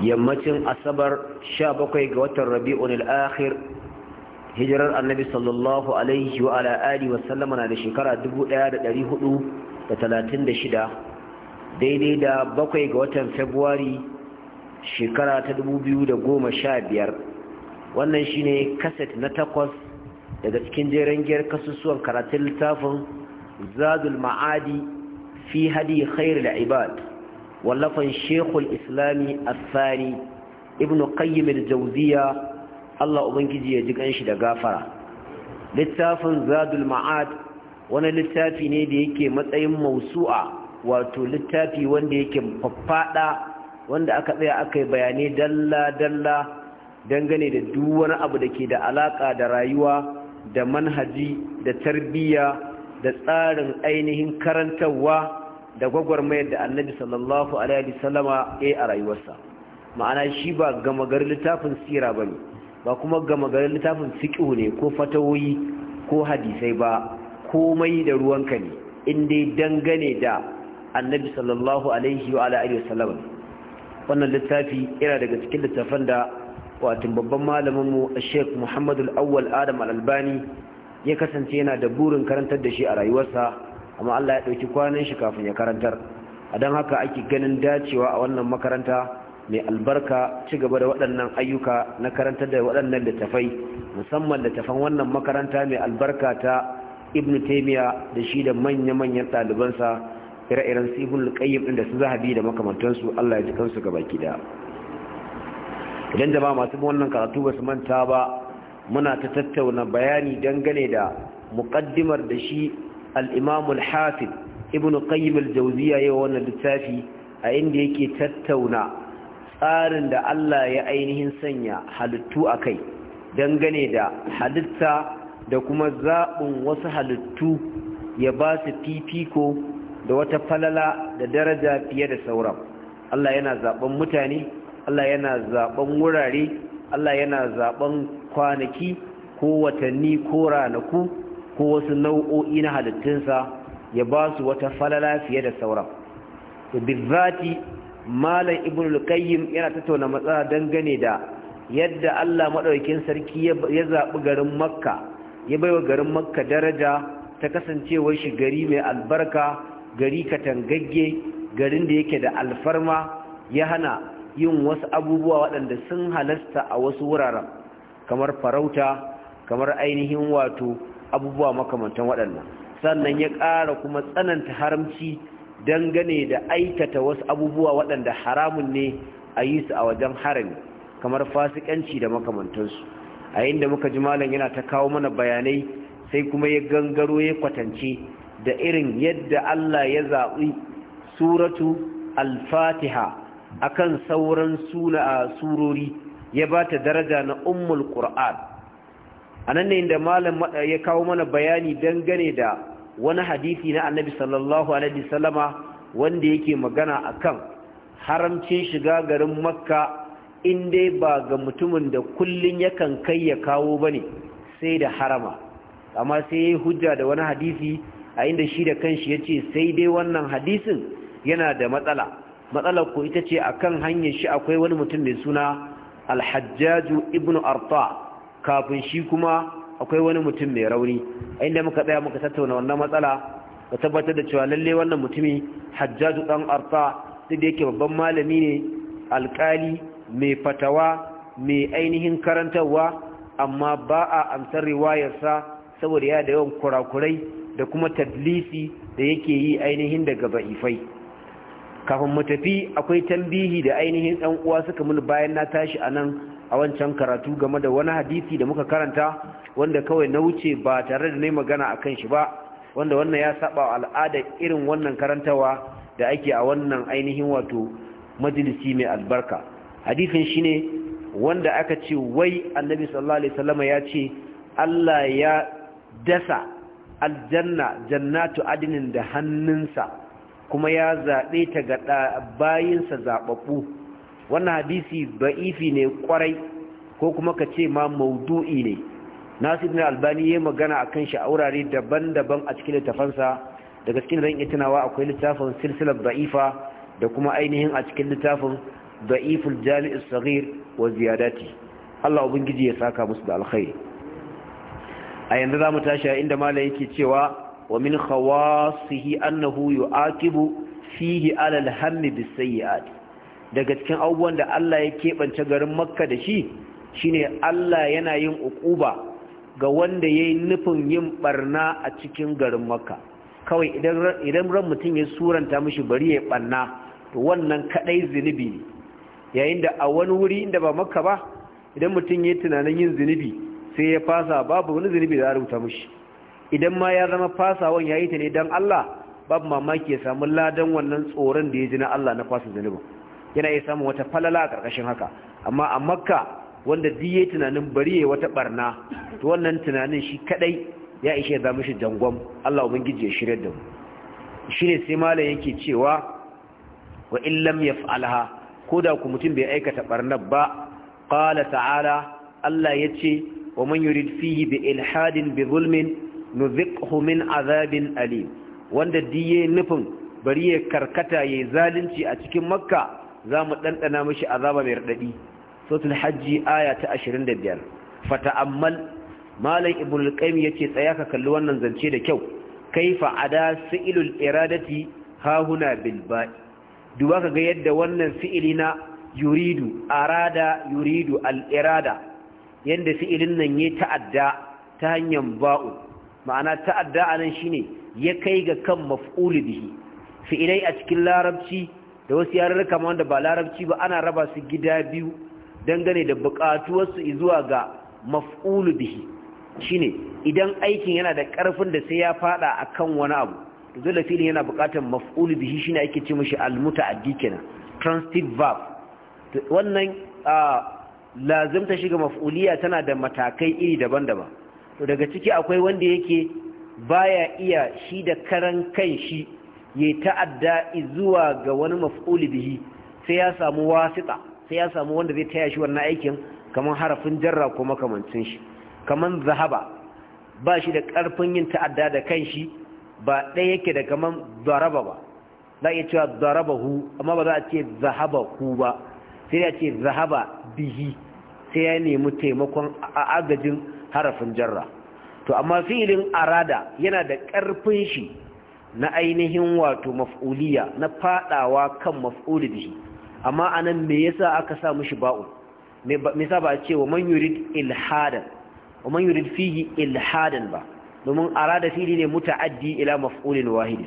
yammacin asabar 17 ga watan rabi'un al hijirar annabi sallallahu alaihi wa ala alihi na da shekara 1436 daidai da bakwai ga watan february shekara ta 2015 wannan shine kaset na takwas daga cikin jeren giyar kasusuwan karatun littafin zadul ma'adi fi hadi da ibad wallafan shekul islami asari ibn qayyim jauziya Allah ubangiji ya ji kanshi da gafara littafin zadul ma'ad wani littafi ne da yake matsayin mausu'a wato littafi wanda yake faffada wanda aka tsaya aka yi bayanai dalla-dalla dangane da duk wani abu da ke da alaka da rayuwa da manhaji da tarbiyya da tsarin ainihin karantarwa da gwagwarmayar da annabi sallallahu alaihi ya yi a rayuwarsa ma'ana shi ba gama garin littafin sira ba ne ba kuma gama garin littafin fiƙo ne ko fatawoyi ko hadisai ba komai da ruwanka ne inda ya dangane da annabi sallallahu alaihi wa alihi wasallam wannan littafi yana daga cikin littafan da wato babban malamin mu Sheikh Muhammad al-Awwal Adam al-Albani ya kasance yana da burin karantar da shi a rayuwarsa amma Allah ya ɗauki kwanan shi kafin ya karantar a don haka ake ganin dacewa a wannan makaranta mai albarka ci gaba da waɗannan ayyuka na karanta da waɗannan littafai musamman littafan wannan makaranta mai albarka ta ibn taimia da shi da manya-manyan ɗalibansa ire-iren su ibn lukayyim da su zahabi da makamantansu allah ya ji kansu gaba gida idan da ba masu wannan karatu ba su manta ba muna ta tattauna bayani dangane da muƙaddimar da shi al-imam al-hafiz ibn qayyim al-jawziya yayin littafi a inda yake tattauna tsarin da Allah ya ainihin sanya halittu a kai, dangane da halitta da kuma zaɓin wasu halittu ya ba su fifiko da wata falala da daraja fiye da sauran Allah yana zaɓan mutane Allah yana zaɓan wurare Allah yana zaɓan kwanaki ko watanni ko ranaku ko wasu nau'o'i na halittunsa ya ba su wata falala fiye da sauran bizati malam ibn al yana tattauna matsala dangane da yadda Allah Maɗaukin sarki ya zaɓi garin makka ya baiwa garin makka daraja ta kasancewar shi gari mai albarka gari katangagge garin da yake da alfarma ya hana yin wasu abubuwa waɗanda sun halasta a wasu wuraren kamar farauta kamar ainihin wato abubuwa makamantan waɗannan sannan ya ƙara kuma tsananta haramci dangane da aikata wasu abubuwa waɗanda haramun ne a yi su a wajen harami kamar fasikanci da makamantansu a yin da muka ji malam yana ta kawo mana bayanai sai kuma ya gangaro ya kwatance da irin yadda Allah ya zaɓi suratu alfatiha fatiha akan sauran suna a surori ya ba ta daraja na ummul ƙur'an anan ne inda malam ya kawo mana bayani dangane da wani hadisi na annabi sallallahu alaihi wasallama wanda yake magana akan haramcin shiga garin makka in dai ba ga mutumin da kullun yakan kai ya kawo bane sai da harama amma sai yayi hujja da wani hadisi a inda shi da kanshi yace sai dai wannan hadisin yana da matsala matsalar ko ita ce akan hanyar shi akwai wani mutum mai suna al-Hajjaj ibn Arta kafin shi kuma akwai wani mutum mai rauni inda muka tsaya muka tattauna wannan matsala ka tabbatar da cewa lalle wannan mutumi hajjaju dan arfa duk da yake babban malami ne alkali mai fatawa mai ainihin karantarwa amma ba a amsar riwayarsa saboda ya da yawan kurakurai da kuma tadlisi da yake yi ainihin daga ba'ifai kafin mu tafi akwai tambihi da ainihin ɗan uwa suka mun bayan na tashi a nan a wancan karatu game da wani hadisi da muka karanta wanda kawai na wuce ba tare da nai magana a kan shi ba wanda wannan ya saba al'ada irin wannan karantawa da ake a wannan ainihin wato majalisi mai albarka hadisin ne wanda aka ce wai annabi sallallahu alaihi wasallama ya ce Allah ya dasa aljanna jannatu adinin da hannunsa kuma ya zaɓe ta ga bayinsa zaɓaɓɓu wannan hadisi ba'ifi ne kwarai ko kuma ka ce ma maudu'i ne nasu na albani ya magana a kan sha'aurari daban-daban a cikin littafansa daga cikin zan iya tunawa akwai littafin silsilar ba'ifa da kuma ainihin a cikin littafin da'iful jami'is saghir wa ziyadati Allah ubangiji ya saka musu da alkhairi a yanzu zamu tashi inda Malam yake cewa wa min khawasihi annahu yu'aqibu fihi ala al bis-sayyi'ati daga cikin abubuwan da Allah ya keɓance garin makka da shi shine Allah yana yin uquba ga wanda ya yi nufin yin barna a cikin garin makka kawai idan ran mutum ya suranta mishi bari ya barna to wannan kaɗai zunubi ne yayin da a wani wuri inda ba makka ba idan mutum ya yi tunanin yin zunubi sai ya fasa babu wani zunubi da a rubuta mishi idan ma ya zama fasawan ya yi ta ne don Allah babu mamaki ya samu ladan wannan tsoron da ya ji na Allah na fasa zunubin yana iya samun wata falala a ƙarƙashin haka amma a makka wanda duk tunanin bari yayi wata barna to wannan tunanin shi kadai ya ishe za mishi dangon, Allah ubangiji ya shirya da mu shine sai malam yake cewa wa in lam yaf'alha koda ku mutum bai aikata barnar ba qala ta'ala Allah yace wa man yurid fihi bi ilhadin bi zulmin nuziqhu min azabin alim wanda diye nufin bari ya karkata yayi zalunci a cikin makka za mu ɗanɗana mashi azaba mai raɗaɗi sautul hajji aya ta 25 fata'ammal malam ibn al-qayyim yace tsaya ka kalli wannan zance da kyau kaifa ada fi'ilul iradati hahuna bil ba'i duba kaga yadda wannan fi'ili na yuridu arada yuridu al-irada yanda fi'ilin nan ya ta'adda ta hanyar ba'u ma'ana ta'adda anan shine ya kai ga kan maf'ul bihi fi'ilai a cikin larabci da wasu yarurruka ma wanda ba larabci ba ana raba su gida biyu dangane da bukatuwarsu zuwa ga maf'ulu bihi shine idan aikin yana da karfin da sai ya fada akan wani abu to dole filin yana buƙatar maf'ulu bihi shine ake ce mishi almutaaddi kenan transitive verb wannan lazimta shiga maf'uliya tana da matakai iri daban-daban to daga ciki akwai wanda yake baya iya shi da karan kan shi ya ta'adda zuwa ga wani maf'uli bihi sai ya samu wasita sai ya samu wanda zai taya shi wannan aikin kamar harafin jarra ko makamancin shi kamar zahaba ba shi da ƙarfin yin ta'adda da kanshi ba ɗaya yake da kamar zaraba ba za a iya cewa zaraba hu amma ba za a ce zahaba hu ba sai ya ce zahaba bihi sai ya nemi taimakon a agajin harafin jarra to amma fi'ilin arada yana da ƙarfin shi na ainihin wato maf'uliya na fadawa kan maf'ul bihi amma anan me yasa aka sa mishi ba'u me yasa ba a ce wa man yurid ilhadan wa man yurid fihi ilhadan ba domin arada fili ne muta'addi ila maf'ulin wahid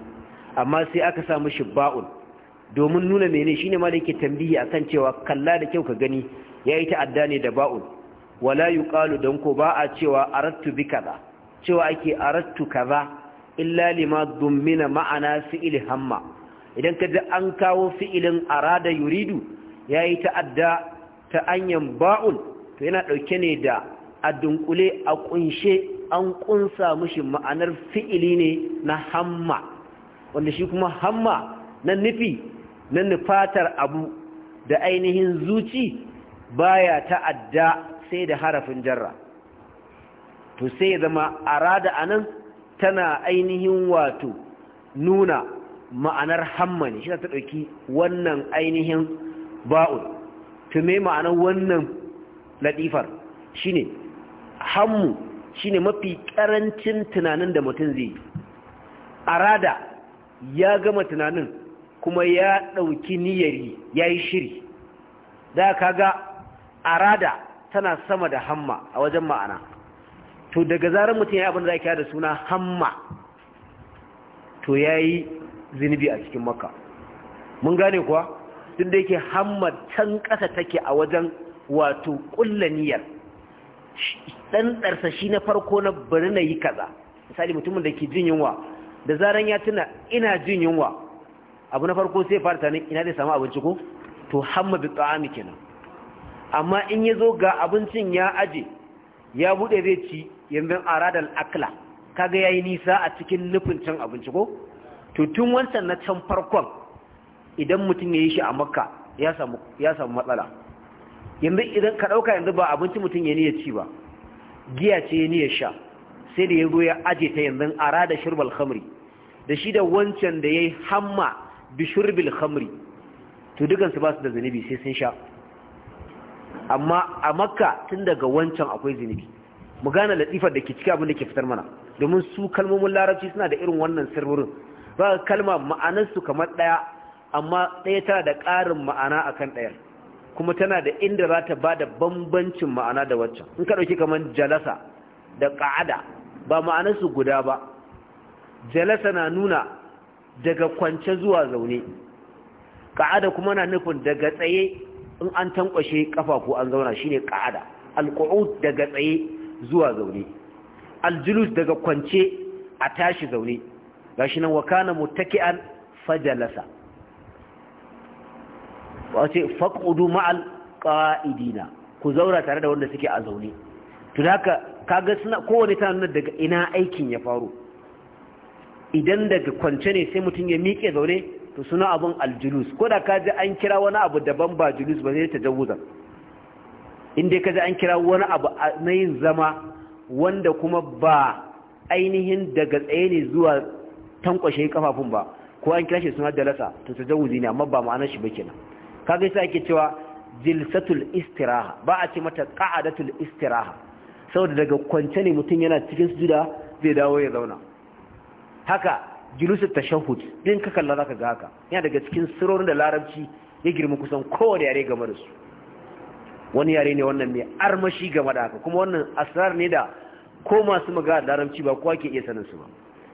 amma sai aka sa mishi ba'ul. domin nuna mene shine ma da yake tambihi akan cewa kalla da kyau ka gani yayi ta'adda ne da ba'ul. wala yuqalu dan ko ba a cewa aradtu bi cewa ake aradtu kaza illa lima dummina ma'ana fi'il hamma idan ka ji an kawo fi'ilin arada yuridu yayi ta'adda ta anyan ba'un to yana dauke ne da a dunkule a kunshe an kunsa mushi ma'anar fi'ili ne na hamma wanda shi kuma hamma na nufi na nufatar abu da ainihin zuci baya ta'adda sai da harafin jarra to sai ya zama arada anan tana ainihin wato nuna ma'anar hamma ne shi ta ɗauki wannan ainihin ba'ul me ma'anar wannan latifar shine hammu shine mafi ƙarancin tunanin da mutum zai yi arada ya gama tunanin kuma ya ɗauki niyyari ya yi shiri da kaga arada tana sama da hamma a wajen ma'ana to daga zarar mutum ya yi abin da da suna hamma to ya yi zinibi a cikin maka mun gane kuwa duk da yake hamma can ƙasa take a wajen wato ƙulla niyyar ɗanɗarsa shi na farko na bari na yi kaza misali mutumin da ke jin yunwa da zaran ya tuna ina jin yunwa abu na farko sai fara tanin ina zai samu abinci ko to hamma bi tsawami kenan amma in ya zo ga abincin ya aje ya buɗe zai ci yanzu aradal akla kaga yayi nisa a cikin nufin cin abinci ko to tun wancan na can farkon idan mutum yayi shi a makka ya samu matsala yanzu idan ka dauka yanzu ba abinci mutum ya niyyar ci ba giya ce ya niyyar sha sai da ya zo ya aje ta yanzu arada shurbal khamri da shi da wancan da yayi hamma bi shurbil khamri to dukansu ba su da zunubi sai sun sha amma a makka tun daga wancan akwai zunubi mu gane latifar da ke ciki abin da ke fitar mana domin su kalmomin larabci suna da irin wannan sirrin ba kalma ma'anarsu kamar ɗaya amma ɗaya tana da ƙarin ma'ana akan ɗayar kuma tana da inda za ta ba da bambancin ma'ana da waccan in ka ɗauki kamar jalasa da ƙa'ada ba ma'anarsu guda ba jalasa na nuna daga kwance zuwa zaune ƙa'ada kuma na nufin daga tsaye in an tankwashe kafa ko an zauna shine ƙa'ada alqu'ud daga tsaye zuwa zaune aljulus daga kwance a tashi zaune gashi nan wakana muttaki'an fajalasa wace faqudu ma'al qa'idina ku zaura tare da wanda suke a zaune to haka kaga suna kowane tana nuna daga ina aikin ya faru idan daga kwance ne sai mutum ya miƙe zaune to suna abun aljulus ko da ka ji an kira wani abu daban ba julus ba zai ta jawuzan inda ka ji an kira wani abu na yin zama wanda kuma ba ainihin daga tsaye ne zuwa tankwashe kafafun ba ko an kira shi suna dalasa to ta jawuzi ne amma ba ma'anar shi ba kenan kaga yasa ake cewa jilsatul istiraha ba a ce mata qa'adatul istiraha saboda daga kwance ne mutum yana cikin sujuda zai dawo ya zauna haka julusul tashahhud din ka kalla zaka ga haka yana daga cikin sirorin da larabci ya girma kusan kowane yare game da su wani yare ne wannan mai armashi game da haka kuma wannan asirar ne da ko masu magana da larabci ba kowa ke iya sanin ba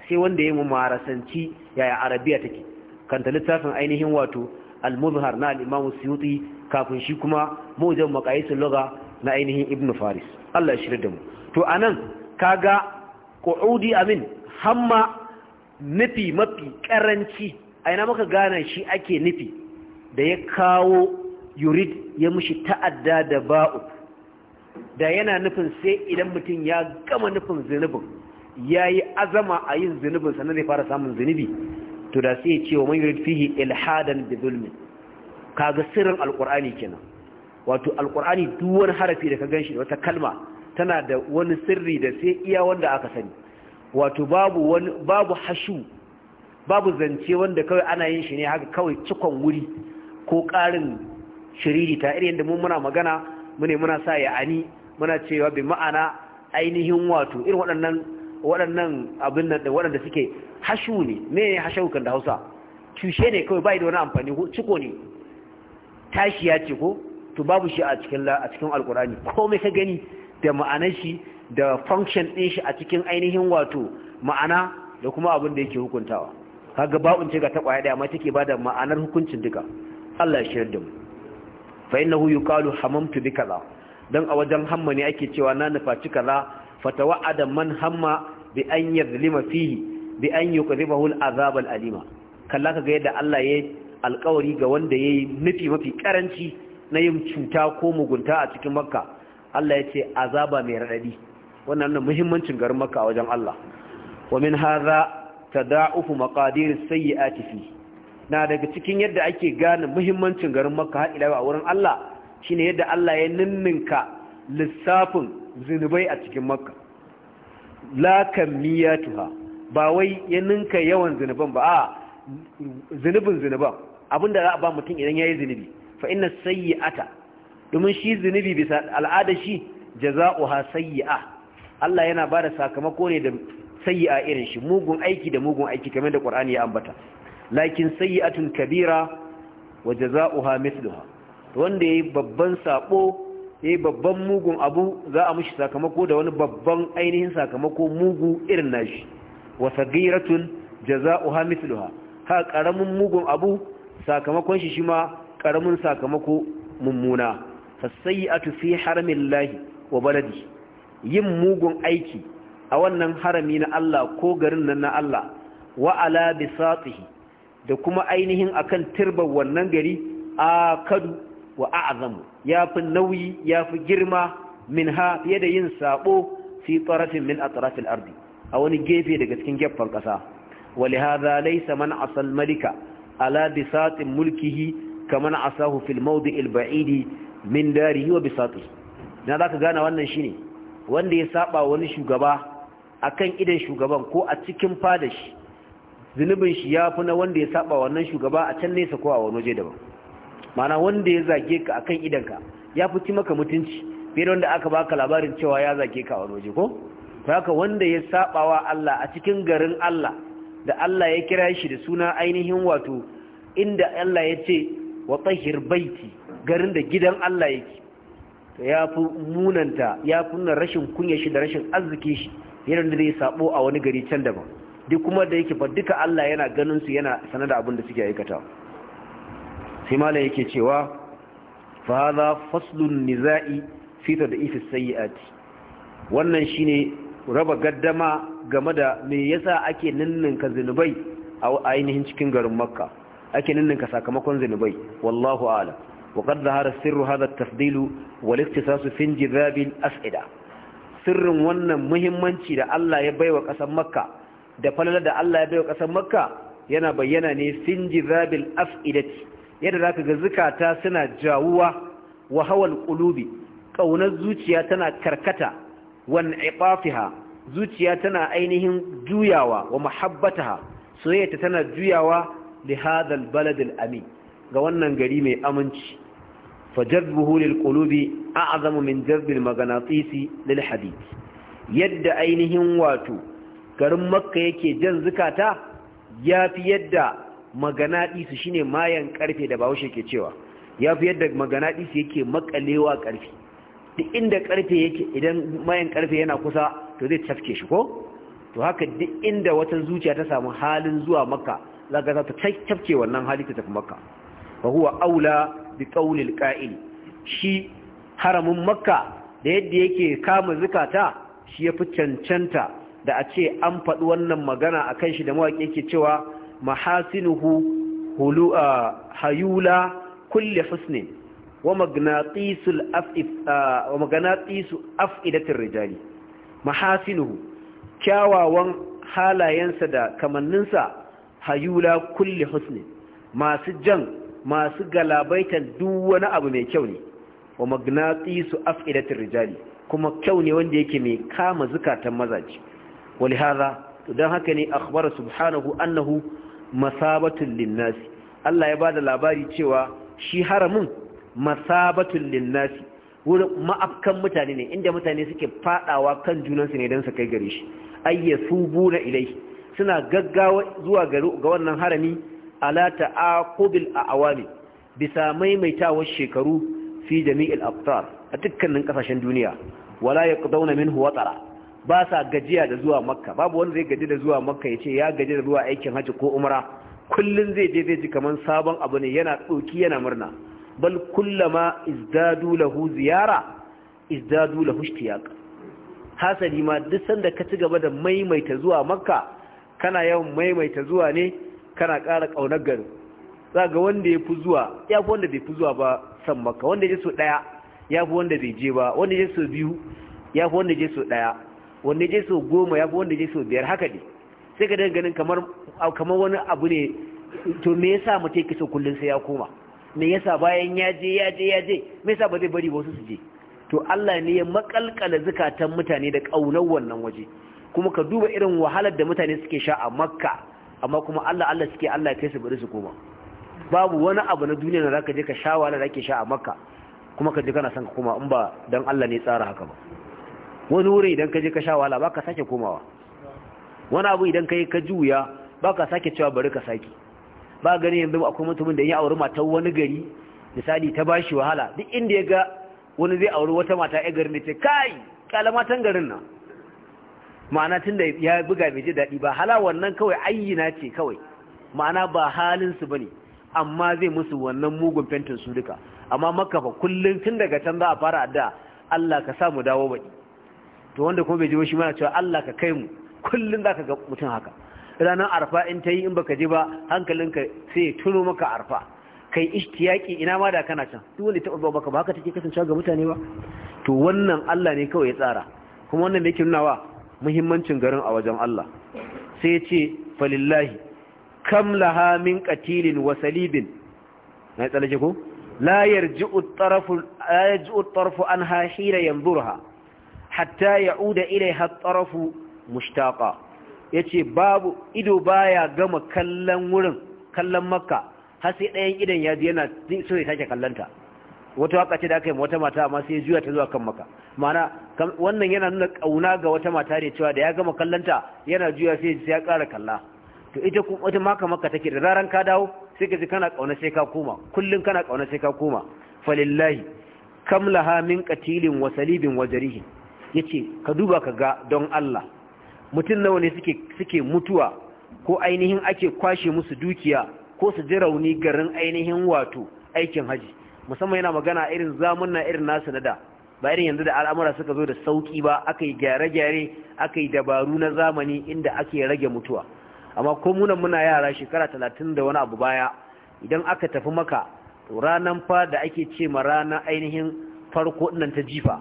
sai wanda ya yi marasanci yaya arabiya take kanta littafin ainihin wato al-muzhar na al-imam suyuti kafin shi kuma mujam makayisun loga na ainihin ibn faris Allah ya shirya da mu to a nan, anan ga ƙo'udi amin hamma nufi mafi ƙaranci a ina maka gane shi ake nufi da ya kawo yurid ya mushi ta'adda da ba'u da yana nufin sai idan mutum ya gama nufin zunubin ya yi azama a yin zunubin sannan zai fara samun zunubi to da sai ce wa man yurid fihi ilhadan bi zulmin kaga sirrin al'kur'ani kenan wato alqur'ani duk wani harafi da ka gan ganshi wata kalma tana da wani sirri da sai iya wanda aka sani wato babu wani babu hashu babu zance wanda kawai ana yin shi ne haka kawai cikon wuri ko ƙarin shiriri ta irin da mun muna magana mune muna sa ya ani muna cewa bi ma'ana ainihin wato irin waɗannan waɗannan abin nan da waɗanda suke hashu ne me ne hashu kan da Hausa tushe ne kai bai da wani amfani ko ciko ne tashi ya ce ko to babu shi a cikin a cikin alkurani komai ka gani da ma'anar shi da function ɗin shi a cikin ainihin wato ma'ana da kuma abin da yake hukuntawa kaga in ce ga ta kwaya daya amma take bada ma'anar hukuncin duka Allah ya shirya da mu fa hu yuqalu hamamtu bi kaza dan a wajen hamma ne ake cewa na nufaci kaza fatawa'ada man hamma bi an yadhlima fihi bi an yuqribahu al'azab al'alima kalla kaga yadda Allah yayi alƙawari ga wanda yayi nufi mafi karanci na yin cuta ko mugunta a cikin Makka Allah ya ce azaba mai radadi wannan muhimmancin garin Makka a wajen Allah wa min hadha tada'ufu maqadir as-sayyi'ati fihi na daga cikin yadda ake gane muhimmancin garin makka har ila a wurin Allah shine yadda Allah ya ninninka lissafin zunubai a cikin makka la kamiyatuha ba wai ya ninka yawan zunuban ba a zunubin zunuban abinda za a ba mutum idan yayi zunubi fa inna sayyi'ata domin shi zunubi bisa al'ada shi jaza'uha sayyi'a Allah yana ba da sakamako ne da sayyi'a irin shi mugun aiki da mugun aiki kamar da Qur'ani ya ambata lakin sayyi'atun kabira wa jazaoha mithluha wanda yayi babban sabo yayi babban mugun abu za a mishi sakamako da wani babban ainihin sakamako mugu irin nashi wa sagiratun jazaoha mithluha ha karamin mugun abu sakamakon shi shima karamin sakamako mummuna fasayyatu fi haramillahi wa baladi yin mugun aiki a wannan harami na Allah ko garin nan na Allah wa ala bisatihi da kuma ainihin akan turbar wannan gari Kadu wa ya yafi nauyi yafi girma min fiye da yin saɓo, fi tsarafin min atrafil ardi a wani gefe daga cikin gefen kasa ولهذا ليس من عصى الملك على بساط ملكه asahu fil في الموضع البعيد من داره وبساطه na zaka gana wannan shine wanda ya saba wani shugaba akan idan shugaban ko a cikin fadashi zunubin shi ya fi na wanda ya saba wannan shugaba a can nesa ko a wani waje daban mana wanda ya zage ka akan idanka ya fi ci maka mutunci fiye da wanda aka baka labarin cewa ya zage ka a wani waje ko ta haka wanda ya saba wa Allah a cikin garin Allah da Allah ya kira shi da suna ainihin wato inda Allah ya ce wa tahir baiti garin da gidan Allah yake to ya fi munanta ya fi rashin kunya shi da rashin arziki shi yadda da zai sabo a wani gari can daban duk kuma da yake fa duka Allah yana ganin su yana sanar da abin da suke aikata sai malam yake cewa fa hadha faslun nizai fi tad'if as-sayyi'at wannan shine raba gaddama game da me yasa ake ninninka zinubai a ainihin cikin garin makka ake ninninka sakamakon zinubai wallahu a'lam وقد ظهر السر هذا التفضيل والاختصاص في انجذاب asida. sirrin wannan muhimmanci da Allah ya baiwa ƙasar Makka da falalar da Allah ya bai wa ƙasar makka yana bayyana ne sinjirabil af'idati yadda za ka ga zukata suna jawuwa wa hawan ƙulubi ƙaunar zuciya tana karkata wan iqafiha zuciya tana ainihin juyawa wa mahabbata soyayyata tana juyawa li hadhal balad amin ga wannan gari mai aminci fajadbuhu lil qulubi a'zamu min jadbil tsisi lil hadid yadda ainihin wato garin makka yake jan zukata ya fi yadda maganaɗisu ne mayan ƙarfe da bahaushe ke cewa ya fi yadda maganaɗisu yake makalewa ƙarfe duk inda ƙarfe yake idan mayan ƙarfe yana kusa to zai tafke shi ko to haka duk inda wata zuciya ta samu halin zuwa makka za ka za ta tafke wannan hali ta tafi makka ba huwa aula bi ƙaunil ƙa'il shi haramin makka da yadda yake kama zukata shi ya fi cancanta da a ce an faɗi wannan magana a kan shi da mawaƙi ke cewa mahasinuhu hulu hayula kulle husnin wa maganatisu af'idatin rijali mahasinuhu kyawawan halayensa da kamanninsa hayula kulle husnin masu jan masu galabaitan duk wani abu mai kyau ne wa maganatisu af'idatin rijali kuma kyau ne wanda yake mai kama zukatan mazaji wali haza don haka ne akhbar subhanahu annahu masabatun linnasi Allah ya bada labari cewa shi haramin masabatun linnasi wurin ma'afkan mutane ne inda mutane suke fadawa kan junansu ne don su kai gare shi ayya subu na ilai suna gaggawa zuwa ga wannan harami ala ta'aqubil a'awami bisa maimaitawar shekaru fi jami'il aqtar a dukkanin kasashen duniya wala yaqdawna minhu watara ba sa gajiya da zuwa makka babu wanda zai gaji da zuwa makka ya ce ya gaji da zuwa aikin hajji ko umara kullum zai je zai ji kamar sabon abu ne yana tsoki yana murna bal kullama izdadu lahu ziyara izdadu lahu ishtiyaq hasali ma duk sanda ka ci gaba da maimaita zuwa makka kana yawan maimaita zuwa ne kana ƙara ƙaunar garin za ga wanda ya fi zuwa ya fi wanda bai fi zuwa ba san makka wanda ya je so ɗaya ya fi wanda bai je ba wanda ya je so biyu ya fi wanda ya je so ɗaya wanda je so goma ya fi wanda je so biyar haka ne sai ka daga ganin kamar wani abu ne to me yasa mu take so kullun sai ya koma me yasa bayan ya je ya je ya je me yasa ba zai bari wasu su je to Allah ne ya makalkala zukatan mutane da kaunar wannan waje kuma ka duba irin wahalar da mutane suke sha a Makka amma kuma Allah Allah suke Allah ya kai su bari su koma babu wani abu na duniya da zaka je ka sha wala da ake sha a Makka kuma ka ji kana son ka koma in ba dan Allah ne tsara haka ba wani wuri idan ka je ka sha wahala baka sake komawa wani abu idan ka yi ka juya baka sake cewa bari ka sake ba gani yanzu akwai mutumin da ya auri mata wani gari misali ta bashi wahala duk inda ya ga wani zai auri wata mata ya garin da ce kai matan garin nan ma'ana tun da ya buga mai ji daɗi ba hala wannan kawai ayyina ce kawai ma'ana ba halinsu ba ne amma zai musu wannan mugun fentin su duka amma makafa kullum tun daga can za a fara adda Allah ka sa mu dawo baɗi to wanda kuma bai ji ba shi mana cewa Allah ka kai mu kullun zaka ga mutum haka ranar arfa in ta yi in baka ji ba hankalinka sai ya tuno maka arfa kai ishtiyaki ina ma da kana can duk wanda ta ba baka ba haka take kasancewa ga mutane ba to wannan Allah ne kawai ya tsara kuma wannan yake nuna wa muhimmancin garin a wajen Allah sai ya ce falillahi kam laha min qatilin wa salibin na tsallake ko la yarji'u at tarafu la yarji'u at-tarf anha hira yanzurha hatta ya'uda ilaiha mushtaƙa. Ya ce babu ido baya gama kallon wurin kallon makka har sai ɗayan idan ya ji yana so ya take kallonta. wata waka ce da aka yi wata mata amma sai juya ta zuwa kan maka ma'ana wannan yana nuna kauna ga wata mata ne cewa da ya gama kallanta yana juya sai ya ƙara kalla to ita kuma wata maka maka take da zaran ka dawo sai ka ji kana kauna sai ka koma kullun kana kauna sai ka koma falillahi kam laha min qatilin wa salibin wa jarihin ya ce ka duba ka ga don Allah mutum nawa ne suke mutuwa ko ainihin ake kwashe musu dukiya ko su ji rauni garin ainihin wato aikin haji musamman yana magana irin zamunna irin nasu na da ba irin yanzu da al'amura suka zo da sauki ba aka yi gyare-gyare aka yi dabaru na zamani inda ake rage mutuwa amma ko munan muna yara shekara talatin da wani abu baya idan aka tafi maka ranar fa da ake ce ma ranar ainihin farko nan ta jifa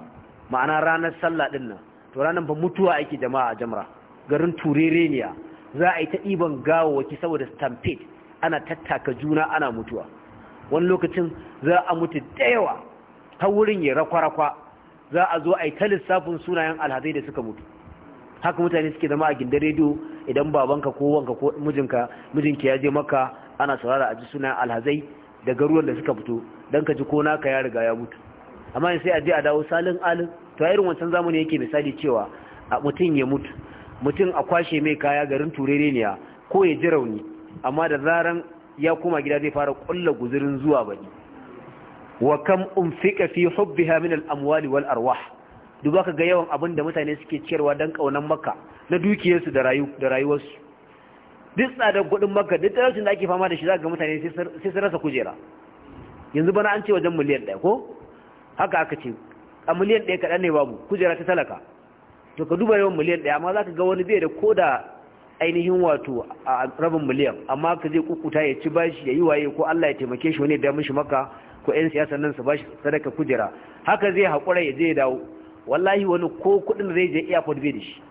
ma'ana ranar sallah din nan to ranar ba mutuwa ake jama'a a jamra garin turereniya za a yi ta ɗiban waki saboda stampede ana tattaka juna ana mutuwa wani lokacin za a mutu da yawa ta wurin ya rakwa-rakwa za a zo a yi ta lissafin sunayen alhazai da suka mutu haka mutane suke zama a gindin rediyo idan babanka ko wanka ko mijinka mijinki ya je maka ana saurara a ji sunayen alhazai da garuwan da suka fito don ka ji ko naka ya riga ya mutu amma in sai a je a dawo salin alin to irin wancan zamani yake misali cewa a mutum ya mutu mutum a kwashe mai kaya garin turereniya ko ya ji rauni amma da zaran ya koma gida zai fara kulla guzurin zuwa baki wa kam unfika fi hubbiha min al-amwali wal arwah duba ka ga yawan abin da mutane suke ciyarwa dan kaunan makka na dukiyarsu da rayu da rayuwarsu duk tsadar kudin makka duk talaucin da ake fama da shi zaka ga mutane sai sai rasa kujera yanzu bana an ce wajen miliyan ɗaya ko haka aka ce a miliyan ɗaya kaɗan ne babu kujera ta talaka to ka duba yawan miliyan ɗaya amma za ka ga wani bai da ko da ainihin wato a rabin miliyan amma ka zai kukuta ya ci bashi ya yi waye ko Allah ya taimake shi wani da mishi maka ko 'yan siyasa nan su bashi sadaka kujera haka zai haƙura ya je ya dawo wallahi wani ko kuɗin zai je airport bai da shi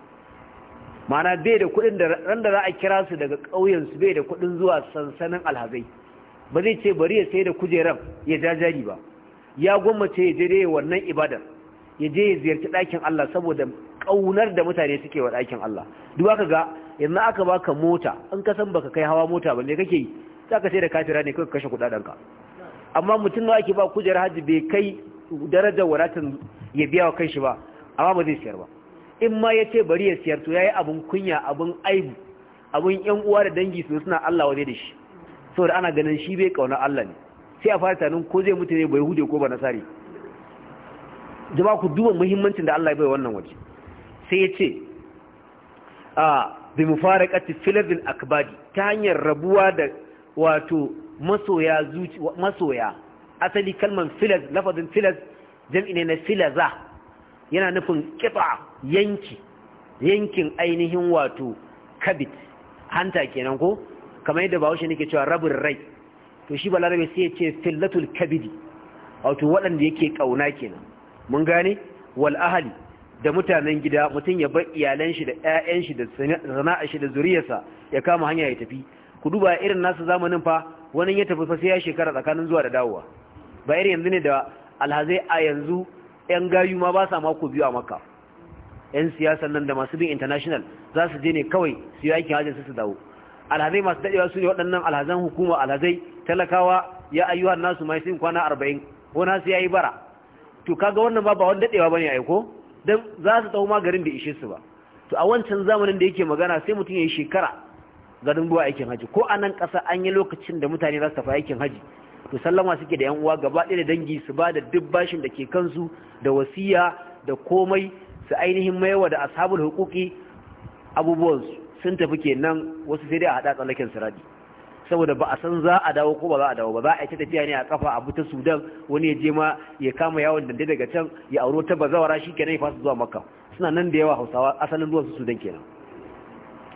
ma'ana bai da kuɗin da ran da za a kira su daga ƙauyen su bai da kuɗin zuwa sansanin alhazai ba zai ce bari ya sai da kujeran ya jajari ba ya gwammace ya je wannan ibadar ya je ya ziyarci ɗakin Allah saboda ƙaunar da mutane suke wa ɗakin Allah duk aka ga yanzu aka baka mota in ka san baka kai hawa mota ba ne kake yi za ka sai da kafira ne kawai kashe kuɗaɗen ka amma mutum da ake ba kujerar hajji bai kai darajar wadatar ya biya wa kanshi ba amma ba zai siyar ba in ma ya ce bari ya siyar to yi abin kunya abun aibu abun yan uwa da dangi su suna Allah waje da shi saboda ana ganin shi bai ƙauna Allah ne sai a fara tunanin ko zai mutu ne bai hude ko ba nasari jama'a ku duba muhimmancin da Allah ya bai wannan waje sai ya ce a bi mufarakati filazil akbadi ta hanyar rabuwa da wato masoya zuci masoya asali kalman filaz lafazin filaz jam'i ne na filaza yana nufin kifa yanki yankin ainihin wato kabit hanta kenan ko kamar yadda bahaushe nake cewa rabin rai to shi balarabe sai ya ce fillatul kabidi wato waɗanda yake ƙauna kenan mun gane wal ahali da mutanen gida mutum ya bar iyalan shi da ƴaƴan shi da sana'a shi da zuriyarsa ya kama hanya ya tafi ku duba irin nasu zamanin fa wani ya tafi fa sai ya shekara tsakanin zuwa da dawowa ba irin yanzu ne da alhazai a yanzu ƴan gayu ma ba sa mako biyu a makka ƴan siyasan nan da masu bin international za su je ne kawai su yi aikin hajjin su su dawo alhazai masu dadewa su ne waɗannan alhazan hukuma alhazai talakawa ya ayyuwa nasu mai sun kwana arba'in ko nasu ya yi bara to kaga wannan ba ba wani dadewa ne a aiko don za su tsawo magarin da ishe su ba to a wancan zamanin da yake magana sai mutum ya yi shekara garin ruwa aikin haji ko a nan ƙasa an yi lokacin da mutane za su tafi aikin haji to sallama suke da yan uwa gaba ɗaya da dangi su ba da duk bashin da ke kansu da wasiya da komai su ainihin maiwa da ashabul hukuki abubuwansu sun tafi kenan wasu sai dai a haɗa tsallaken siradi saboda ba a san za a dawo ko ba za a dawo ba za a yi tafiya ne a kafa abu ta sudan wani ya je ma ya kama yawon dande daga can ya auro ta bazawara shi kenan ya fasa zuwa makka suna nan da yawa hausawa asalin ruwan su sudan kenan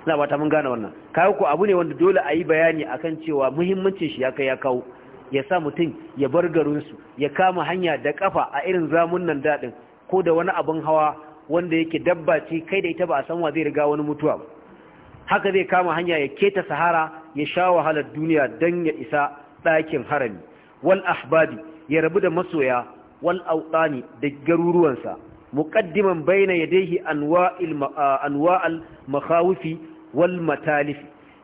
ina ba ta mun gane wannan kawo ko abu ne wanda dole a yi bayani akan cewa muhimmancin shi ya kai ya kawo ya sa mutum ya bar garin su ya kama hanya da kafa a irin zamun nan daɗin ko da wani abun hawa wanda yake dabba ce kai da ita ba a san wa zai riga wani mutuwa ba haka zai kama hanya ya keta sahara ya sha wahalar duniya don ya isa ɗakin harami wal ahbadi ya rabu da masoya wal autani da garuruwansa muqaddiman baina yadayhi anwa'il anwa'al makhawifi wal matalif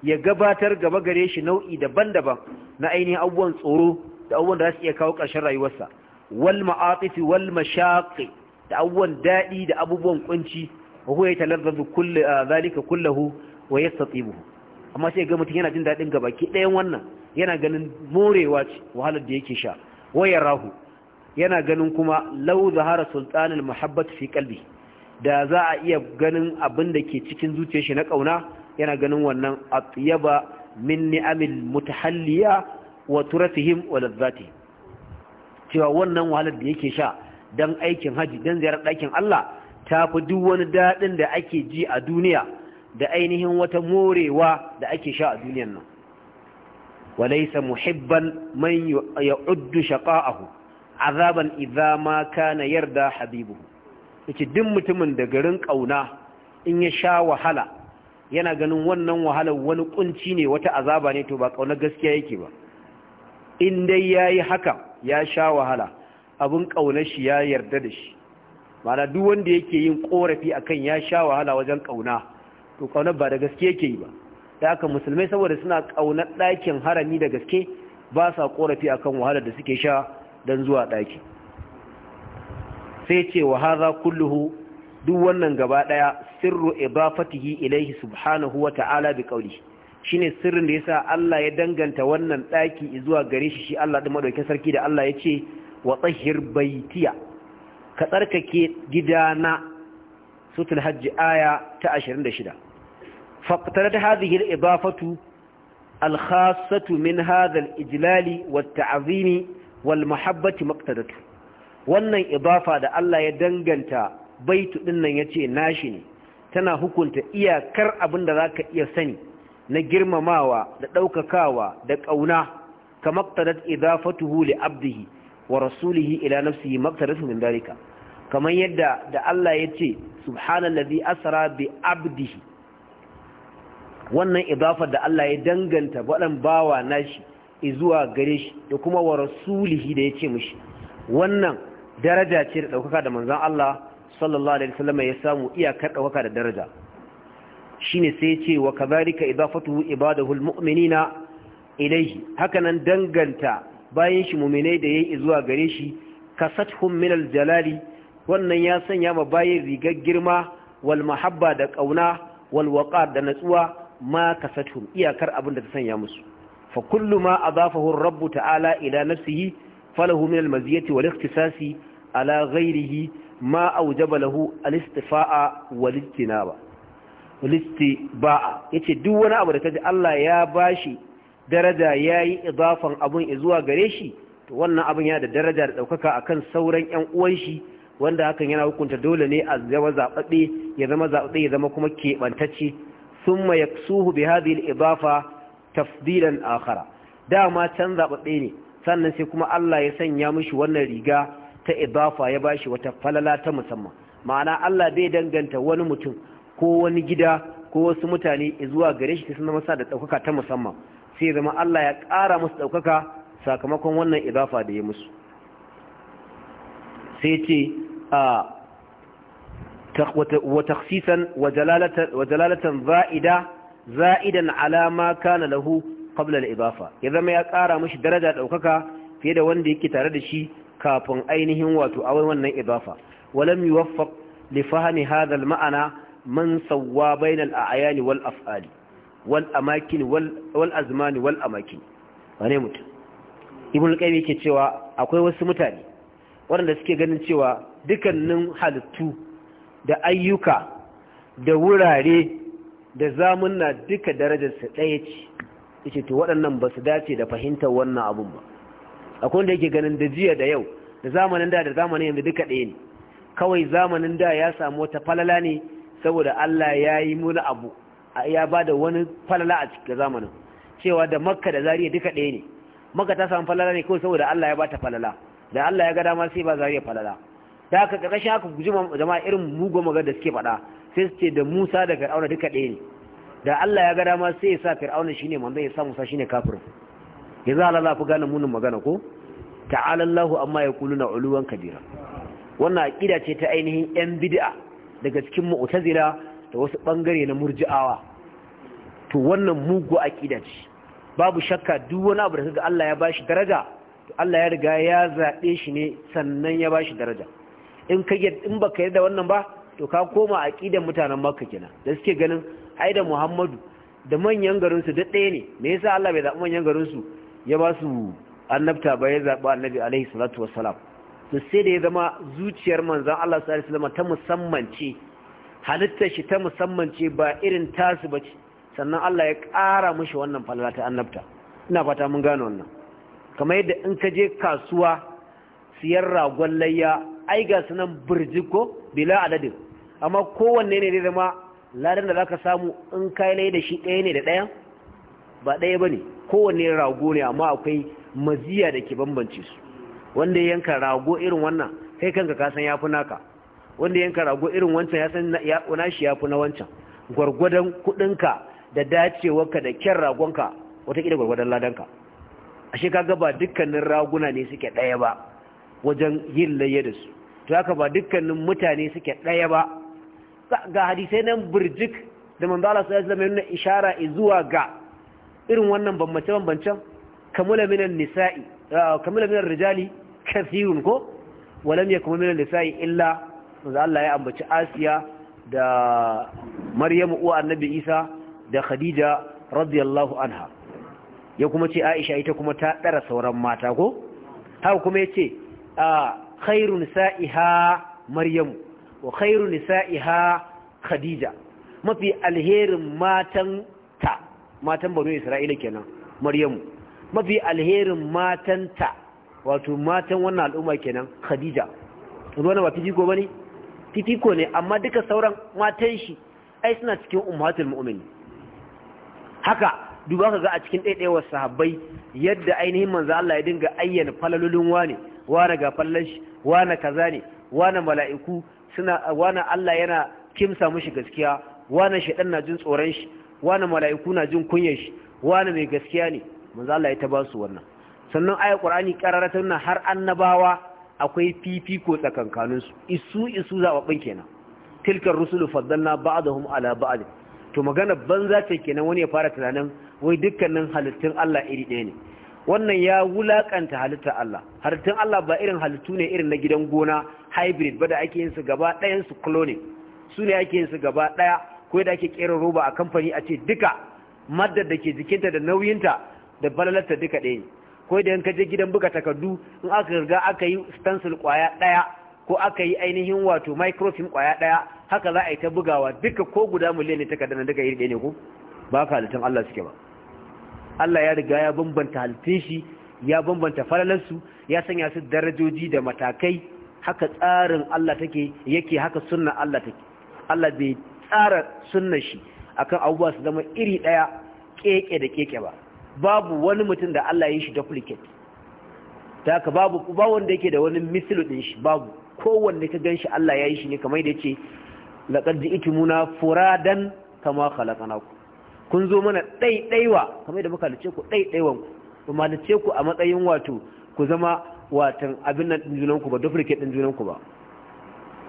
ya gabatar gaba gare shi nau'i daban-daban na ainihin abubuwan tsoro da abubuwan da za su iya kawo ƙarshen rayuwarsa wal ma'atifi wal mashaqi da abubuwan daɗi da abubuwan kunci wa huwa yatalazzadu kullu zalika kullahu wa yastatibu amma sai ga mutum yana jin dadin ga baki ɗayan wannan yana ganin morewa ce wahalar da yake sha waya rahu yana ganin kuma law zahara sultanul muhabbat fi qalbi da za a iya ganin abin da ke cikin zuciyar shi na kauna yana ganin wannan atyaba min ni'amil mutahalliya wa turatihim wa ladzatihim cewa wannan wahalar da yake sha dan aikin haji dan ziyarar dakin Allah ta fi duk wani daɗin da ake ji a duniya da ainihin wata morewa da ake sha a duniyan nan walaisa muhibban man ya'uddu shaqa'ahu azaban idza ma kana yarda habibuhu yace duk mutumin da garin kauna in ya sha wahala yana ganin wannan wahalar wani kunci ne wata azaba ne to ba kauna gaskiya yake ba in dai yayi haka ya sha wahala abun kaunar shi ya yarda da shi mana duk wanda yake yin korafi akan ya sha wahala wajen kauna to kaunar ba da gaske yake yi ba da aka musulmai saboda suna kaunar ɗakin harami da gaske ba sa korafi akan wahalar da suke sha don zuwa ɗaki sai ce wa haza kulluhu duk wannan gaba ɗaya sirru idafatihi ilaihi subhanahu wa ta'ala bi qawli shine sirrin da sa Allah ya danganta wannan ɗaki zuwa gare shi shi Allah da madaukakin sarki da Allah ya ce wa tsahir baitiya ka tsarkake gidana sutul hajji aya ta 26 فاقترت هذه الإضافة min من هذا الإجلال والتعظيم والمحبة مقتدته wannan ibafa da Allah ya danganta baitu din nan yace nashi ne tana hukunta iyakar abin da zaka iya sani na girmamawa da ɗaukakawa da kauna kamar tadat idafatuhu li abdihi wa rasulihi ila nafsihi maqtadatu min dalika kamar yadda da Allah yace subhanallazi asra bi abdihi wannan idafar da Allah ya danganta waɗan bawa nashi zuwa gare shi da kuma wa rasulihi da ya ce mishi wannan daraja ce da ɗaukaka da manzan Allah sallallahu alaihi wasallam ya samu iyakar ɗaukaka da daraja shine sai ya ce wa kadhalika idafatuhu ibadahu almu'minina ilayhi hakanan danganta bayan shi mu'minai da yayi zuwa gare shi kasatuhum min aljalali wannan ya sanya ma bayin rigar girma wal mahabba da kauna wal waqar da natsuwa ma kasatum iyakar abin da ta sanya musu fa kullu ma adafahu rabbu ta'ala ila nafsihi falahu min al-maziyati wal ikhtisasi ala ghayrihi ma awjaba lahu al-istifa'a wal ijtinaba al-istiba'a yace duk wani abu da kaji Allah ya bashi daraja yayi idafan abun zuwa gare shi to wannan abun ya da daraja da daukaka akan sauran 'yan uwan shi wanda hakan yana hukunta dole ne a zama zaɓaɓɓe ya zama zaɓaɓɓe ya zama kuma keɓantacce thumma yaksuhu bi hadhihi al-idafa tafdilan akhara dama ne sannan sai kuma Allah ya sanya mishi wannan riga ta idafa ya bashi wata falala ta musamman ma'ana Allah bai danganta wani mutum ko wani gida ko wasu mutane zuwa gare shi sun masa da ɗaukaka ta musamman sai zama Allah ya ƙara musu ɗaukaka sakamakon wannan idafa da ya musu sai ce a وتخصيصا وجلالة, وجلالة زائدة زائدا على ما كان له قبل الإضافة إذا ما يقارى مش درجة أوكاكا في هذا وندي كتارد شي كابن أينهم واتو أول ون إضافة ولم يوفق لفهم هذا المعنى من سوى بين الأعيان والأفعال والأماكن والأزمان والأماكن wane mutum ibn al-qayyim yake cewa akwai wasu mutane waɗanda suke ganin cewa dukannin halittu da ayyuka da wurare da zamunna duka darajarsa ɗaya ce yace to waɗannan ba su dace da fahimtar wannan abun ba akwai wanda yake ganin da jiya da yau da zamanin da da zamanin yanzu duka ɗaya ne kawai zamanin da ya samu wata falala ne saboda Allah ya yi muna abu ya ba da wani falala a cikin zamanin cewa da makka da zariya duka ɗaya ne makka ta samu falala ne kawai saboda Allah ya ba ta falala da Allah ya ga dama sai ba zariya falala da haka ƙarƙashin haka guji jama'a irin mugun magar da suke faɗa sai su ce da musa da fir'auna duka ɗaya ne da allah ya ga dama sai ya sa fir'auna shine manzo ya sa musa shine kafirin ya za Allah fi gane munin magana ko ta'ala Allahu amma ya kuluna uluwan kabira wannan akida ce ta ainihin yan bid'a daga cikin mu'tazila da wasu bangare na murji'awa to wannan mugu akida ce babu shakka duk wani abu da kaga Allah ya bashi daraja to Allah ya riga ya zaɓe shi ne sannan ya bashi daraja in ka in baka yarda wannan ba to ka koma aqidan mutanen makka kenan da suke ganin ai da muhammadu da manyan garin su duk ɗaya ne me yasa Allah bai zaɓi manyan garin su ya ba su annabta ba ya zaɓi annabi alaihi salatu wassalam to sai da ya zama zuciyar manzon Allah sallallahu alaihi wasallam ta musamman ce halittar shi ta musamman ce ba irin tasu ba ce sannan Allah ya ƙara mishi wannan falala ta annabta ina fata mun gane wannan kamar yadda in ka je kasuwa siyar ragon layya ai ga sunan birjiko bila adadin amma kowanne ne da zama ladan da zaka samu in kai lai da shi ɗaya ne da ɗaya ba ɗaya bane kowanne rago ne amma akwai maziya da ke bambance su wanda yanka rago irin wannan kai kanka ka san yafi naka wanda yanka rago irin wancan ya san kuna shi yafi na wancan gwargwadon kuɗinka da dacewarka da kyan ragonka watakila gwargwadon ladanka ashe kaga ba dukkanin raguna ne suke ɗaya ba wajen yin layya da su to haka ba dukkanin mutane suke ɗaya ba ga hadisai nan birjik da manzala su yasla mai nuna ishara zuwa ga irin wannan bambance-bambancen kamula minan nisa'i ah, kamula minan rijali kathirun ko walam kuma minan nisa'i illa manzo Allah ya ambaci Asiya da Maryamu uwa Annabi Isa da Khadija radiyallahu anha ya kuma ce Aisha ita kuma ta dara sauran mata ko haka kuma yace a ah, khairu nisa'iha maryamu wa khairu nisa'iha khadija mafi alherin matan ta matan banu isra'ila kenan maryamu mafi alherin matan ta wato matan wannan al'umma kenan khadija wannan ba fifiko bane fifiko ne amma duka sauran matan shi ai suna cikin ummatul mu'minin haka duba ka ga a cikin ɗaiɗaiwar sahabbai yadda ainihin manza Allah ya dinga ayyana falalolin wane wane ga fallan shi wane kaza ne wane mala'iku suna wane Allah yana kimsa mushi gaskiya wane shaidan na jin tsoron shi wane mala'iku na jin kunyar shi wane mai gaskiya ne manzo Allah ya ta ba wannan sannan ayat Qur'ani kararata nan har annabawa akwai fifiko tsakankanin su isu isu zababin kenan tilkar rusulu faddalna ba'dahum ala ba'd to magana banza ce kenan wani ya fara tunanin wai dukkanin halittun Allah iri ɗaya ne wannan ya wulakanta halitta Allah halittun Allah ba irin halittu ne irin na gidan gona hybrid ba da ake yin su gaba ɗayan su cloning su ne ake yin su gaba ɗaya ko da ake kera roba a kamfani a ce duka maddar da ke jikinta da nauyinta da balalarta duka ɗaya ne ko da yanka je gidan buga takardu in aka riga aka yi stencil kwaya ɗaya ko aka yi ainihin wato microfilm kwaya ɗaya haka za a yi ta bugawa duka ko guda miliyan ne takardar ka duka iri ɗaya ne ko ba ka halittun Allah suke ba Allah ya riga ya bambanta halittun shi ya bambanta falalansu ya sanya su darajoji da matakai haka tsarin Allah take yake haka sunna Allah take Allah bai tsara sunnar shi akan abubuwa su zama iri daya keke da keke ba babu wani mutum da Allah ya yi shi duplicate ta haka babu ba wanda yake da wani misilu din shi babu kowanne ka gan shi Allah ya yi shi ne kamar da yace laqad ji'tumuna furadan kama khalaqnakum kun zo mana ɗaiɗaiwa kamar da muka halice ku ɗaiɗaiwan ku ma mu ku a matsayin wato ku zama watan abin nan ɗin junan ku ba rike ɗin junan ku ba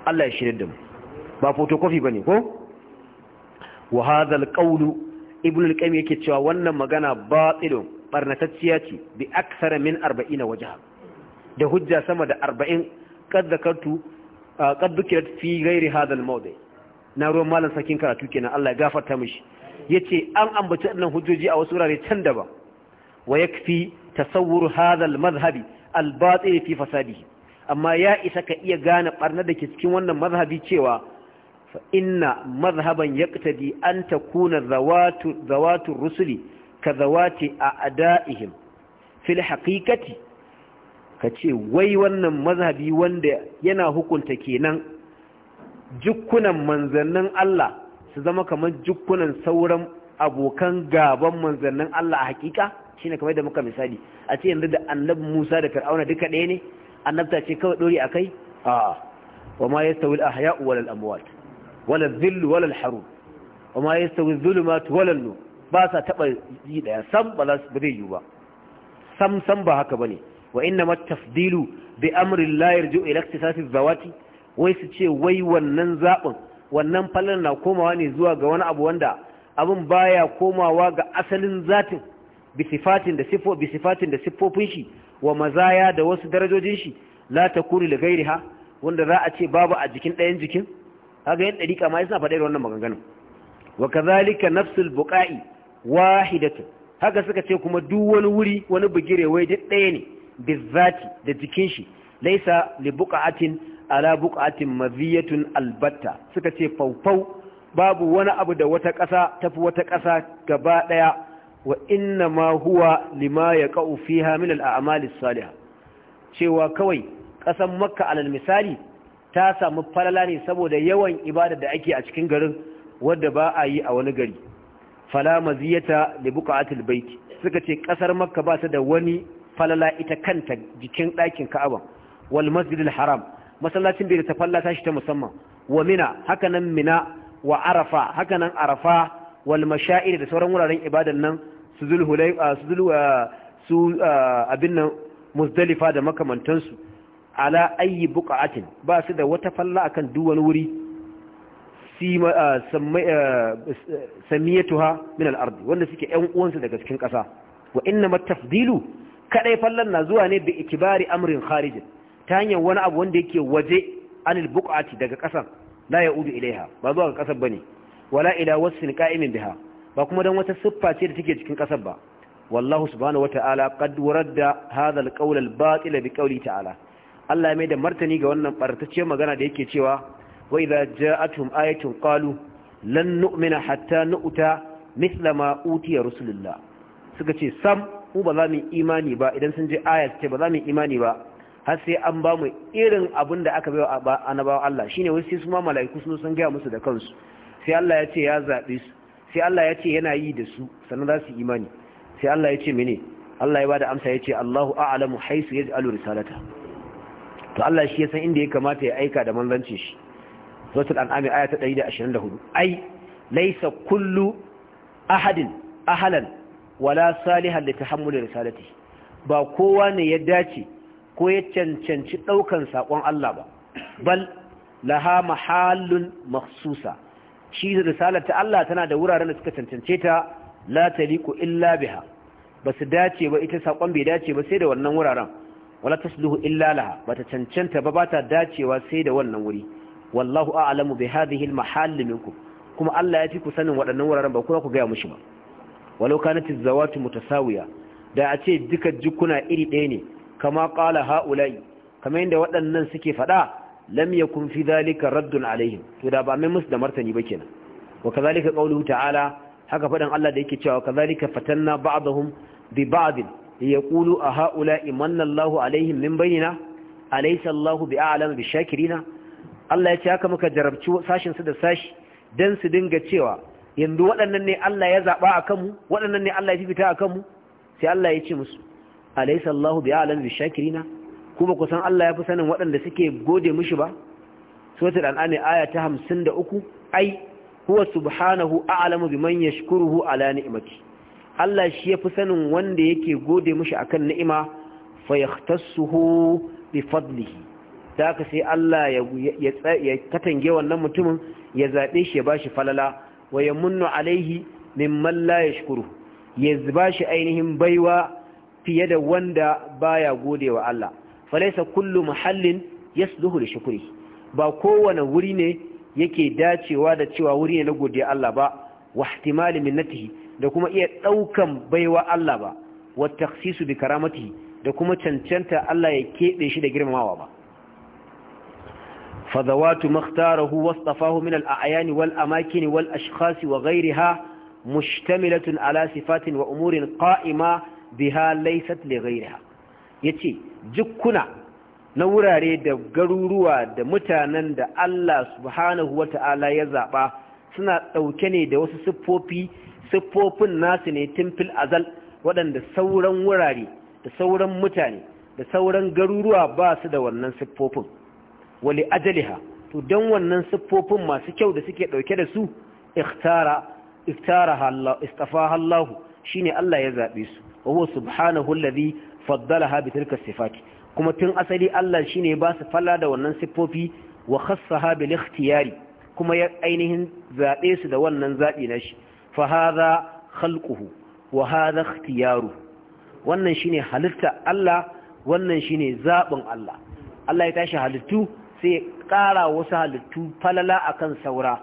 Allah ya shirya da mu ba photocopy ba ne ko wa hadha alqawlu ibnu alqayyim yake cewa wannan magana batilu barnatacciya ce bi aksara min 40 wajha da hujja sama da 40 kad zakartu kad dukirat fi ghairi hadha almawdi na ruwan malam sakin karatu kenan Allah ya gafarta mishi Ya ce an ambaci wannan hujjoji a wasu wurare can daban wa yakfi tasawwur hadha al-madhhabi al fi fasadi. amma ya isa ka iya gane barnar da ke cikin wannan mazhabi cewa fa inna mazhaban yaqtadi an takuna zawatu zawatu rusuli ka zawati a'da'ihim fil haqiqati kace wai wannan mazhabi wanda yana hukunta kenan jukkunan manzannin Allah su zama kamar jukkunan sauran abokan gaban manzannin Allah a hakika shine kamar da muka misali a ce yanzu da annabi Musa da Fir'auna duka ɗaya ne annabta ce kawai dori akai a wa ma yastawi al-ahya'u wal amwat wal dhillu wal harur wa ma yastawi adh-dhulumatu wal nur ba sa taba yi daya sam ba za su zai yi ba sam sam ba haka bane wa inna ma tafdilu bi amri la yarju ila iktisasi zawati wai su ce wai wannan zabin wannan falon na komawa ne zuwa ga wani abu wanda abin baya komawa ga asalin zatin bisifatin da sifo bisifatin da siffofin shi wa mazaya da wasu darajojin shi la takuru li ghairiha wanda za a ce babu a jikin ɗayan jikin kaga yan dariƙa ma suna faɗa da wannan maganganun wa kazalika nafsul buqa'i wahidatu haka suka ce kuma duk wani wuri wani bugire wai duk ɗaya ne bizzati da jikin shi laisa li buqa'atin ala buqatin maziyatun albatta suka ce faufau babu wani abu da wata ƙasa tafi wata ƙasa gaba ɗaya wa inna ma huwa lima ya ƙa'u fiha min al'amali salih cewa kawai ƙasan makka alal misali ta samu falala ne saboda yawan ibada da ake a cikin garin wadda ba a yi a wani gari fala maziyata li buqatil baiti suka ce ƙasar makka ba ta da wani falala ita kanta jikin ɗakin ka'aba wal masjidil haram masallacin bai ta fallata shi ta musamman wa mina hakanan mina wa arafa hakanan arafa wal masha'ir da sauran wuraren ibadan nan su zulhulai su zul su abin nan muzdalifa da makamantansu ala ayi buqatin ba su da wata falla akan duk wani wuri samiyatuha min al-ard wanda suke ƴan uwansu daga cikin ƙasa wa inna matafdilu kadai fallan na zuwa ne bi ikibari amrin kharijin ta hanyar wani abu wanda yake waje anil buqati daga kasar. la yaudu ilaiha ba zuwa ga ƙasar bane wala ila wasfin qa'imin biha ba kuma dan wata siffa ce da take cikin ƙasar ba wallahu subhanahu wata'ala qad warada hadha alqawl albatil qawli ta'ala Allah ya mai da martani ga wannan bartacciyar magana da yake cewa wa idza ja'atuhum ayatun qalu lan nu'mina hatta nu'ta mithla ma utiya rusulullah suka ce sam mu ba za mu imani ba idan sun je ayat ce ba za mu imani ba har sai an ba mu irin abin da aka baiwa annabawa Allah shine wasu su ma mala'iku sun san gaya musu da kansu sai Allah ya ce ya zabe su sai Allah ya ce yana yi da su sannan za su imani sai Allah ya ce mene Allah ya bada amsa ya ce Allahu a'lamu haisu yaj'alu risalata to Allah shi ya san inda ya kamata ya aika da manzancin shi suratul an'am aya ta 124 ai laysa kullu ahadin ahalan wala salihan li tahammuli risalati ba kowa ne ya dace ko ya cancanci ɗaukan saƙon Allah ba bal laha mahallun mahsusa shi risalar ta Allah tana da wuraren da suka cancance ta la taliqu illa biha su dace ba ita saƙon bai dace ba sai da wannan wuraren wala tasluhu illa laha bata cancanta ba bata dacewa sai da wannan wuri wallahu a'lamu bi hadhihi al-mahall minkum kuma Allah ya fi ku sanin waɗannan wuraren ba kuma ku gaya mushi ba walau kanat az-zawatu mutasawiya da a ce duka jikuna iri ɗaya ne kama ƙala haula'i kamar yadda waɗannan suke faɗa lam yakun fi dhalika raddun alaihim to da ba mai musu da martani ba kenan wa kadhalika qawluhu ta'ala haka faɗan Allah da yake cewa kazalika fatanna ba'dahum bi ba'd yaqulu a haula'i manna Allahu alaihim min bainina alaysa Allahu bi'alama bishakirina Allah ya ce haka muka jarabci sashin su da sashi dan su dinga cewa yanzu waɗannan ne Allah ya zaɓa a kanmu waɗannan ne Allah ya fita a kanmu sai Allah ya ce musu alaysa Allahu bi'alam shakirina kuma kusan Allah ya fi sanin waɗanda suke gode mishi ba suratul an'am aya ta 53 ai huwa subhanahu a'lamu biman yashkuruhu ala ni'mati Allah shi ya fi sanin wanda yake gode mishi akan ni'ima fa yahtassuhu bi fadlihi da sai Allah ya katange wannan mutumin ya zaɓe shi ya bashi falala wa ya munnu alaihi mimman la ya shukuru ya bashi ainihin baiwa fiye da wanda baya gode wa Allah falaisa kullu muhallin yasluhu li shukri ba kowane wuri ne yake dacewa da cewa wuri ne na godiya Allah ba wa ihtimali minnatihi da kuma iya daukan baiwa Allah ba wa takhsisu bi karamatihi da kuma cancanta Allah ya kebe shi da girmamawa ba فذوات مختاره واصطفاه من الأعيان والأماكن والأشخاص وغيرها مشتملة على صفات وأمور قائمة biha laysat li ghayriha yace jukkuna na wurare da garuruwa da mutanen da Allah subhanahu wata'ala ya zaba suna dauke ne da wasu siffofi siffofin nasu ne timfil azal waɗanda sauran wurare da sauran mutane da sauran garuruwa ba su da wannan siffofin wali ajaliha to don wannan siffofin masu kyau da suke ɗauke da su iftara Allah istafaha Allah shine Allah ya zaɓe su wa huwa subhanahu alladhi faddalaha bi tilka sifat kuma tun asali Allah shine ba su da wannan siffofi wa khassaha bil ikhtiyari kuma ya ainihin zabe su da wannan zabi nashi fa hadha khalquhu wa hadha ikhtiyaru wannan shine halitta Allah wannan shine zabin Allah Allah ya tashi halittu sai ƙara wasu halittu falala akan saura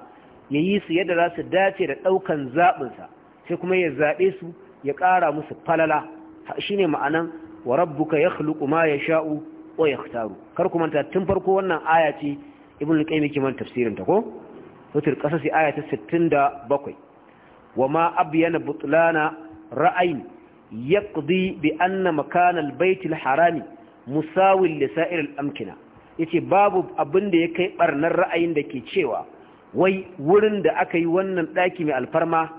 yayi su yadda za su dace da daukan zaɓinsa sai kuma ya zabe su ya ƙara musu falala shi ne ma'anan wa rabbuka yakhluqu ma sha'u ya yakhtaru kar ku manta tun farko wannan aya ce ibnu qayyim yake man tafsirin ta ko sutur qasas aya 67 wa ma abyana butlana ra'ayn yaqdi bi anna makana al-bayt harami musawil li sa'ir al-amkina yace babu abinda da ya kai ɓarnar ra'ayin da ke cewa wai wurin da aka yi wannan daki mai alfarma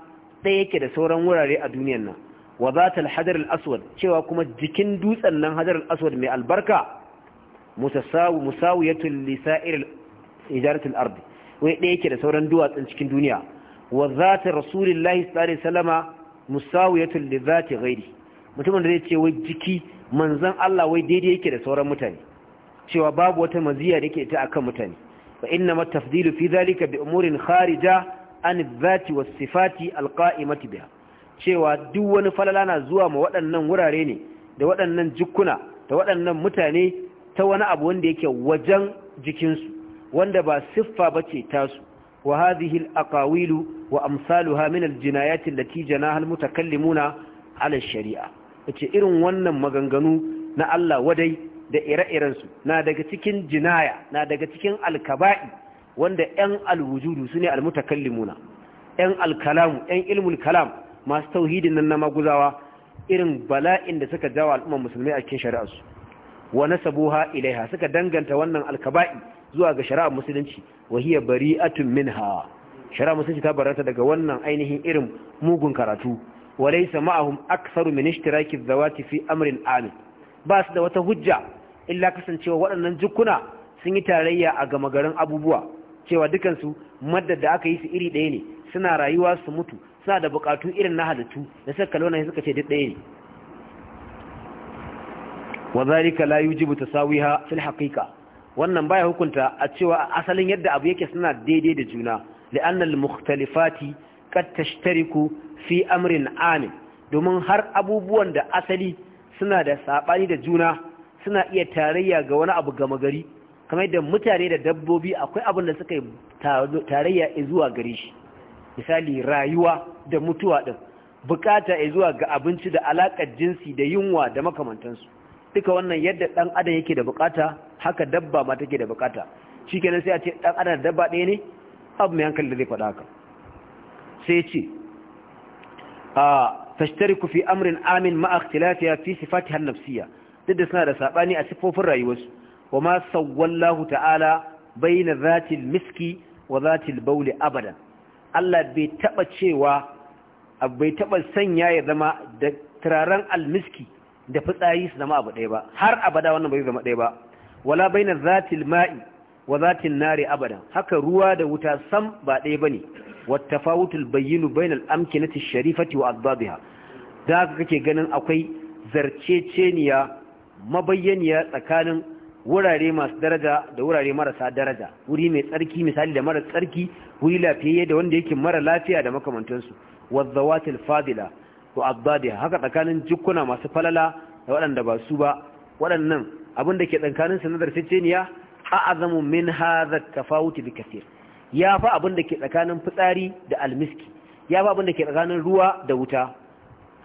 ɗaya yake da sauran wurare a duniyar nan wa zatal al-aswad cewa kuma jikin dutsen nan hadar al-aswad mai albarka ya tulli lisa'ir ijaratul ard wai ɗaya yake da sauran duwatsun cikin duniya wa zatar rasulillahi Salama musawu ya tulli li zati mutumin da zai ce wai jiki manzon Allah wai daidai yake da sauran mutane cewa babu wata maziya da yake ta akan mutane fa inna matafdilu fi zalika bi umurin kharija an zati was sifati alqa'imati biha cewa duk wani falala na zuwa ma waɗannan wurare ne da waɗannan jikuna da waɗannan mutane ta wani abu wanda yake wajen jikinsu wanda ba siffa ba ce tasu wa hazihi alaqawilu wa amsaluha min aljinayat allati janaha almutakallimuna ala shari'a. yace irin wannan maganganu na Allah wadai da ire-irensu na daga cikin jinaya na daga cikin alkaba'i wanda ‘yan alwujudu su ne almutakallimuna ‘yan alkalamu ‘yan ilmul kalam masu tauhidin nan na maguzawa irin bala'in da suka jawa al'ummar musulmai a cikin shari'arsu wa nasabuha ilaiha suka danganta wannan alkaba'i zuwa ga shari'ar musulunci wa hiya bari'atun minha shari'ar musulunci ta barata daga wannan ainihin irin mugun karatu wa laysa ma'ahum aktsaru min ishtiraki zawati fi amrin amin ba su da wata hujja illa kasancewa waɗannan jukkuna sun yi tarayya a gama garin abubuwa cewa dukansu madda da aka yi su iri ɗaya ne suna rayuwa su mutu suna da buƙatu irin na halittu da suka kalona wannan suka ce duk ɗaya ne wa zalika la yujibu tasawiha fil haqiqa wannan baya hukunta a cewa asalin yadda abu yake suna daidai da juna li'anna al mukhtalifati qad tashtariku fi amrin amin domin har abubuwan da asali suna da sabani da juna suna iya tarayya ga wani abu gama gari kamar da mutane da dabbobi akwai abin da suka yi tarayya zuwa gare shi misali rayuwa da mutuwa din bukata zuwa ga abinci da alaƙar jinsi da yunwa da makamantansu duka wannan yadda ɗan adam yake da bukata haka dabba ma take da bukata shikenan sai a ce ɗan adam da dabba ɗaya ne abu mai hankali zai faɗa haka sai ce a tashtariku fi amrin amin ma'a ikhtilafiya fi sifatiha har nafsiyya duk da suna da saɓani a sifofin rayuwarsu wa sauwallahu ta'ala bayna zatil miski wa zatil bauli abadan Allah bai taba cewa bai taba sanya ya zama da turaren almiski da fitsari su zama abu ɗaya ba har abada wannan bai zama ɗaya ba wala bayna zatil ma'i wa zatin nari abadan haka ruwa da wuta sam ba ɗaya bane wattafawutul bayyinu bainal amkinati sharifati wa adbabiha da haka kake ganin akwai zarceceniya mabayyaniya tsakanin wurare masu daraja da wurare marasa daraja wuri mai tsarki misali da mara tsarki wuri lafiyayye da wanda yake mara lafiya da makamantansu wadzawatil fadila wa abdadiha haka tsakanin jikuna masu falala da waɗanda ba su ba waɗannan abin da ke tsakanin sanadar ceceniya a'azamu min hadha tafawuti bi kathir ya fa abin da ke tsakanin fitsari da almiski ya fa abin da ke tsakanin ruwa da wuta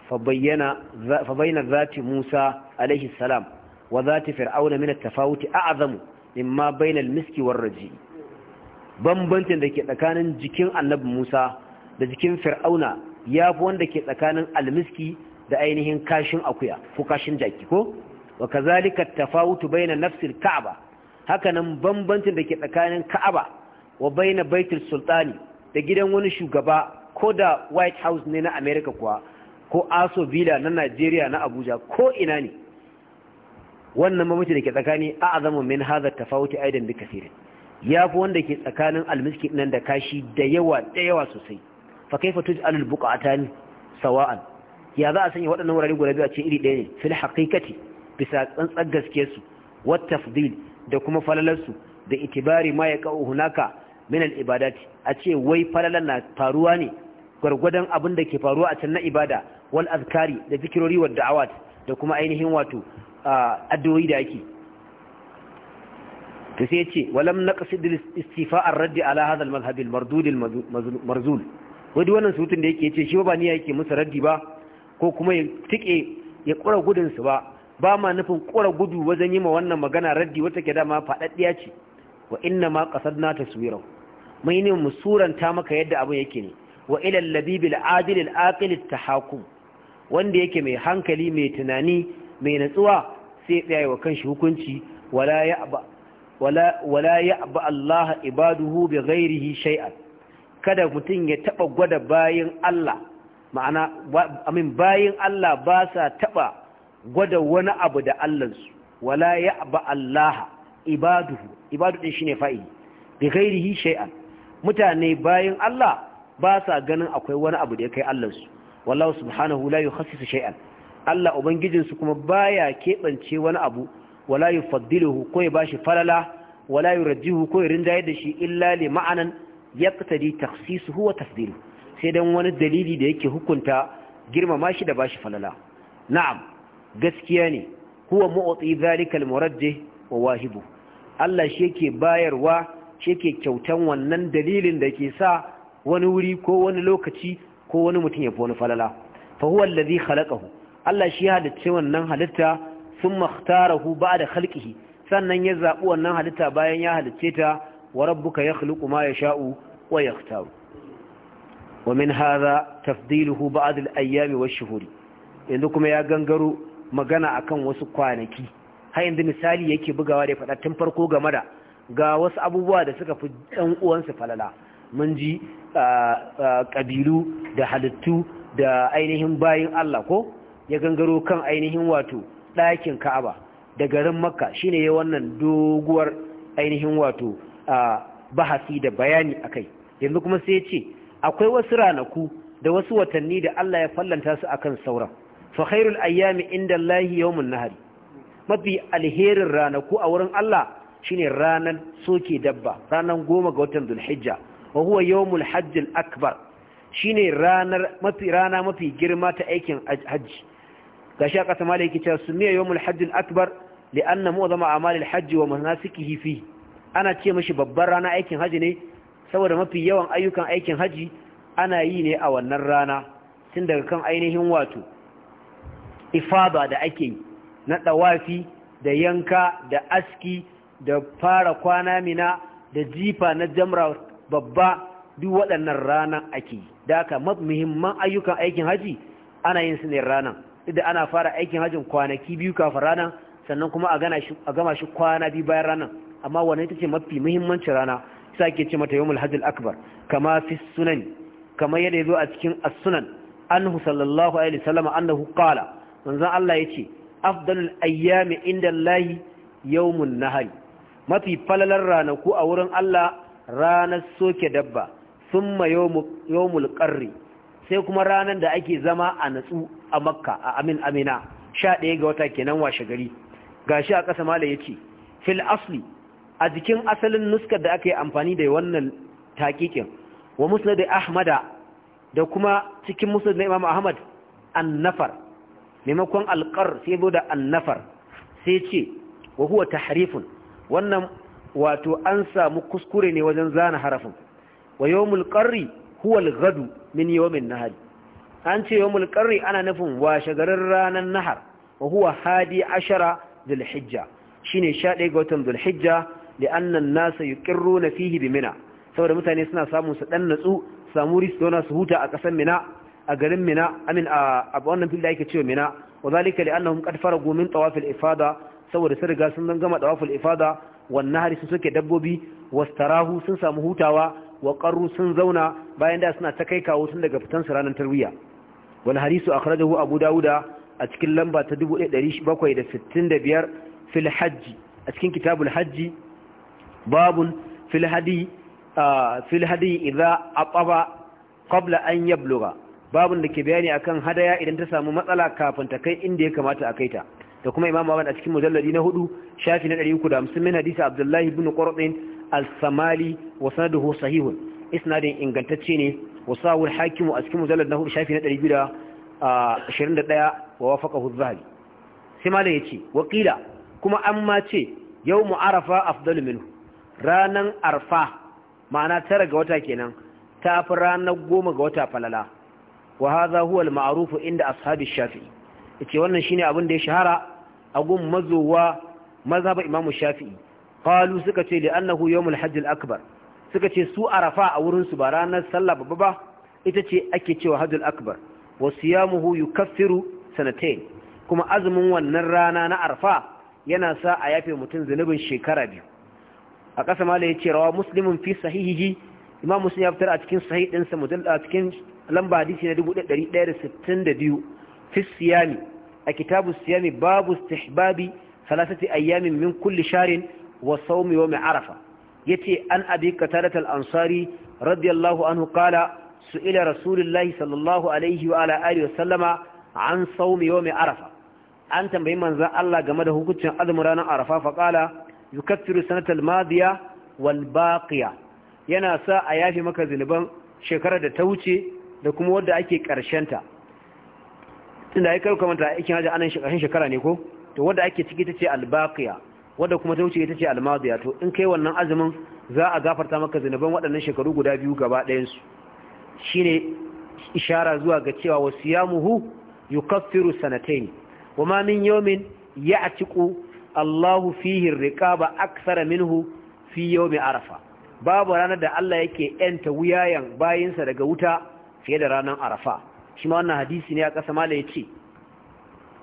fa bayyana fa zati Musa alaihi salam wa ta fir'auna min at-tafawuti a'zamu mimma bayna al-miski war raji bambancin da ke tsakanin jikin annabi Musa da jikin fir'auna ya fi wanda ke tsakanin al da ainihin kashin akuya ko kashin jaki ko wa kazalika at-tafawutu bayna nafsil ka'aba hakanan bambancin da ke tsakanin ka'aba wa bayna baitul sultani da gidan wani shugaba ko da white house ne na america kuwa ko aso villa na Najeriya na abuja ko ina ne wannan mamaci da ke tsakani a azamu min hadha tafawuti aidan bi ya yafi wanda ke tsakanin almiski nan da kashi da yawa da yawa sosai fa kaifa tuj'alul buqatan sawa'an ya za a sanya waɗannan wurare guda biyu a ce iri ɗaya ne fil haqiqati bisa tsantsar gaskiyar su wa tafdil da kuma falalar su da itibari ma ya qa'u hunaka min al ibadati a ce wai falalar na faruwa ne gwargwadon abin da ke faruwa a can na ibada wal azkari da zikirori wa da'awat da kuma ainihin wato addu'o'i da ake to sai ce walam ƙasidil istifa an raddi ala hazal al-madhhab marzul wadda wannan surutun da yake ce shi ba niyya yake musu raddi ba ko kuma ya tike ya ƙura gudun ba ba ma nufin ƙura gudu wajen yi ma wannan magana raddi wata ke dama faɗaɗɗiya ce wa inna ma na qasadna taswirahu mai ne mu suranta maka yadda abin yake ne wa ilal labibil adilil al-adil al tahakum wanda yake mai hankali mai tunani mai natsuwa sai yi wa kanshi hukunci wala ya wala Allah ibaduhu bi ghairihi shay'an kada mutum ya taba gwada bayin Allah ma'ana amin bayin Allah ba sa taba gwada wani abu da Allahnsu wala ya'ba Allah ibaduhu ibadu din shine fa'ili bi ghairihi shay'an mutane bayin Allah ba sa ganin akwai wani abu da ya kai Allahnsu wallahu subhanahu la yukhassisu shay'an Allah ubangijinsu kuma baya keɓance wani abu wala yufaddiluhu ko ya bashi falala wala yurajjihu ko ya rinjaye da shi illa le ma'anan yaqtadi taksisu huwa tafdilu sai dan wani dalili da yake hukunta girmama shi da bashi falala na'am gaskiya ne huwa mu'ti zalikal al wa wahibu Allah shi yake bayarwa shi yake kyautan wannan dalilin da ke sa wani wuri ko wani lokaci ko wani mutum ya fi wani falala fa huwa allazi Allah shi ya dace wannan halitta sun makhtarahu ba da halƙihi sannan ya zaɓi wannan halitta bayan ya halicce ta wa rabbuka ya khluqu ma yasha'u wa yakhtaru wa min hadha tafdiluhu ba'd al-ayyam wa ash-shuhur yanzu kuma ya gangaro magana akan wasu kwanaki har yanzu misali yake bugawa da fada tun farko game da ga wasu abubuwa da suka fi ɗan uwansu falala mun ji ah, ah, ƙabilu da halittu da ainihin bayin Allah ko ya gangaro kan ainihin wato ɗakin ka'aba da garin makka shine ya wannan doguwar ainihin wato a bahasi da bayani a kai yanzu kuma sai ya ce akwai wasu ranaku da wasu watanni da Allah ya fallanta su akan sauran fa ayyami inda Allah yawmun nahari mafi alherin ranaku a wurin Allah shine ranar soke dabba ranar goma ga watan dulhijja wa huwa yawmul hajj akbar shine ranar mafi rana mafi girma ta aikin hajji gashi aka sama da yake cewa sumiya yawmul hajjil akbar li anna mu'zama a'malil hajji wa manasikihi hifi. ana ce mashi babbar rana aikin haji ne saboda mafi yawan ayyukan aikin haji ana yi ne a wannan rana tun daga kan ainihin wato ifada da ake yi na ɗawafi, da yanka da aski da fara kwana mina da jifa na jamra babba duk waɗannan ranar ake da aka muhimman ayyukan aikin haji ana yin su ne ranan da ana fara aikin hajjin kwanaki biyu kafin rana sannan kuma a gama shi kwana biyu bayan ranar amma wani ita ce mafi muhimmancin rana sa ke ce mata yawmul hajjil akbar kama fi sunan kama yadda ya a cikin asunan sunan annahu sallallahu alaihi wasallam annahu qala manzon Allah yace afdalul ayyami inda Allah yawmun nahari mafi falalar ranaku a wurin Allah ranar soke dabba thumma yawmul qarri sai kuma ranar da ake zama a natsu a makka a amin amina sha ɗaya ga wata kenan washe gari gashi a ƙasa mala ya ce fil asli a jikin asalin nuskar da aka yi amfani da wannan taƙiƙin wa da ahmada da kuma cikin musnad na imam ahmad an nafar. maimakon alƙar sai bude an nafar, sai ce wa huwa tahrifun wannan wato an samu kuskure ne wajen zana harafin wa yawmul qarri huwa al min yawmin nahar an ce yawmul qarri ana nufin washe garin ranar nahar wa huwa hadi ashara dhul shine 11 ga watan dhul hijja li'anna an-nasa yuqirruna fihi bi mina saboda mutane suna samu su dan natsu samu dona su huta a kasan mina a garin mina amin a wannan fili da ake cewa mina wa zalika li'annahum qad faragu min tawaf al-ifada saboda sun riga sun gama tawaf al-ifada wan nahar sun suke dabbobi wastarahu sun samu hutawa wa qarru sun zauna bayan da suna ta kai kawo tun daga fitan su ranar tarwiya wal hadisu akhrajahu abu dauda a cikin lamba ta 1765 fil hajji a cikin kitabul hajji babun fil hadi fil hadi idza ataba qabla an yabluga babun da ke bayani akan hadaya idan ta samu matsala kafin ta kai inda ya kamata a ta. da kuma imamu a cikin mujalladi na hudu shafi na 350 min hadisi abdullahi ibn qurdin al-samali wa sanaduhu sahihun isnadin ingantacce ne wa sawul hakimu a cikin mujallad na hudu shafi na 221 wa wafaqahu az-zahabi sai malam yace wa qila kuma an ma ce yawmu arafa afdalu minhu ranan arfa ma'ana tara ga wata kenan ta fi ranar goma ga wata falala wa hadha huwa al-ma'ruf inda ashabi shafi'i yace wannan shine abin da ya shahara a gun mazowa mazhab imamu shafi'i Kalu suka ce li annahu yawmul hajj akbar suka ce su arafa a wurin su ba ranar sallah babba ba ita ce ake cewa hajjul akbar wa siyamuhu kafiru sanatain kuma azumin wannan rana na arfa yana sa a yafe mutum zunubin shekara biyu a ƙasa mala ya ce rawa Musulmin fi sahihihi imam muslim ya fitar a cikin sahih ɗinsa a cikin lamba hadisi na 1162 fi siyami a kitabu siyami babu stihbabi salasati ayyamin min kulli sharin wa saumi wa arafa yace an abi qatadat al-ansari radiyallahu anhu qala su'ila rasulullahi sallallahu alaihi wa ala alihi wa sallama an saumi wa arafa an tambayi manzon Allah game da hukuncin azumin ranar arafa fa qala yukaffiru sanata al-madiya wal baqiya yana sa a yafi maka zinuban shekarar da ta wuce da kuma wanda ake karshenta tunda ai kai kuma ta aikin haji anan shekara ne ko to wadda ake ciki tace al-baqiya wadda kuma ta wuce ita ce almadiya to in kai wannan azumin za a gafarta maka zinuban waɗannan shekaru guda biyu gaba ɗayansu shine ishara zuwa ga cewa wasiyamuhu yukaffiru sanatayn wa ma min yawmin ya'tiqu Allahu fihi riqaba akthara minhu fi yawmi arafa babu ranar da Allah yake yanta wuyayan bayinsa daga wuta fiye da ranar arafa shi ma wannan hadisi ne a ƙasa mala yace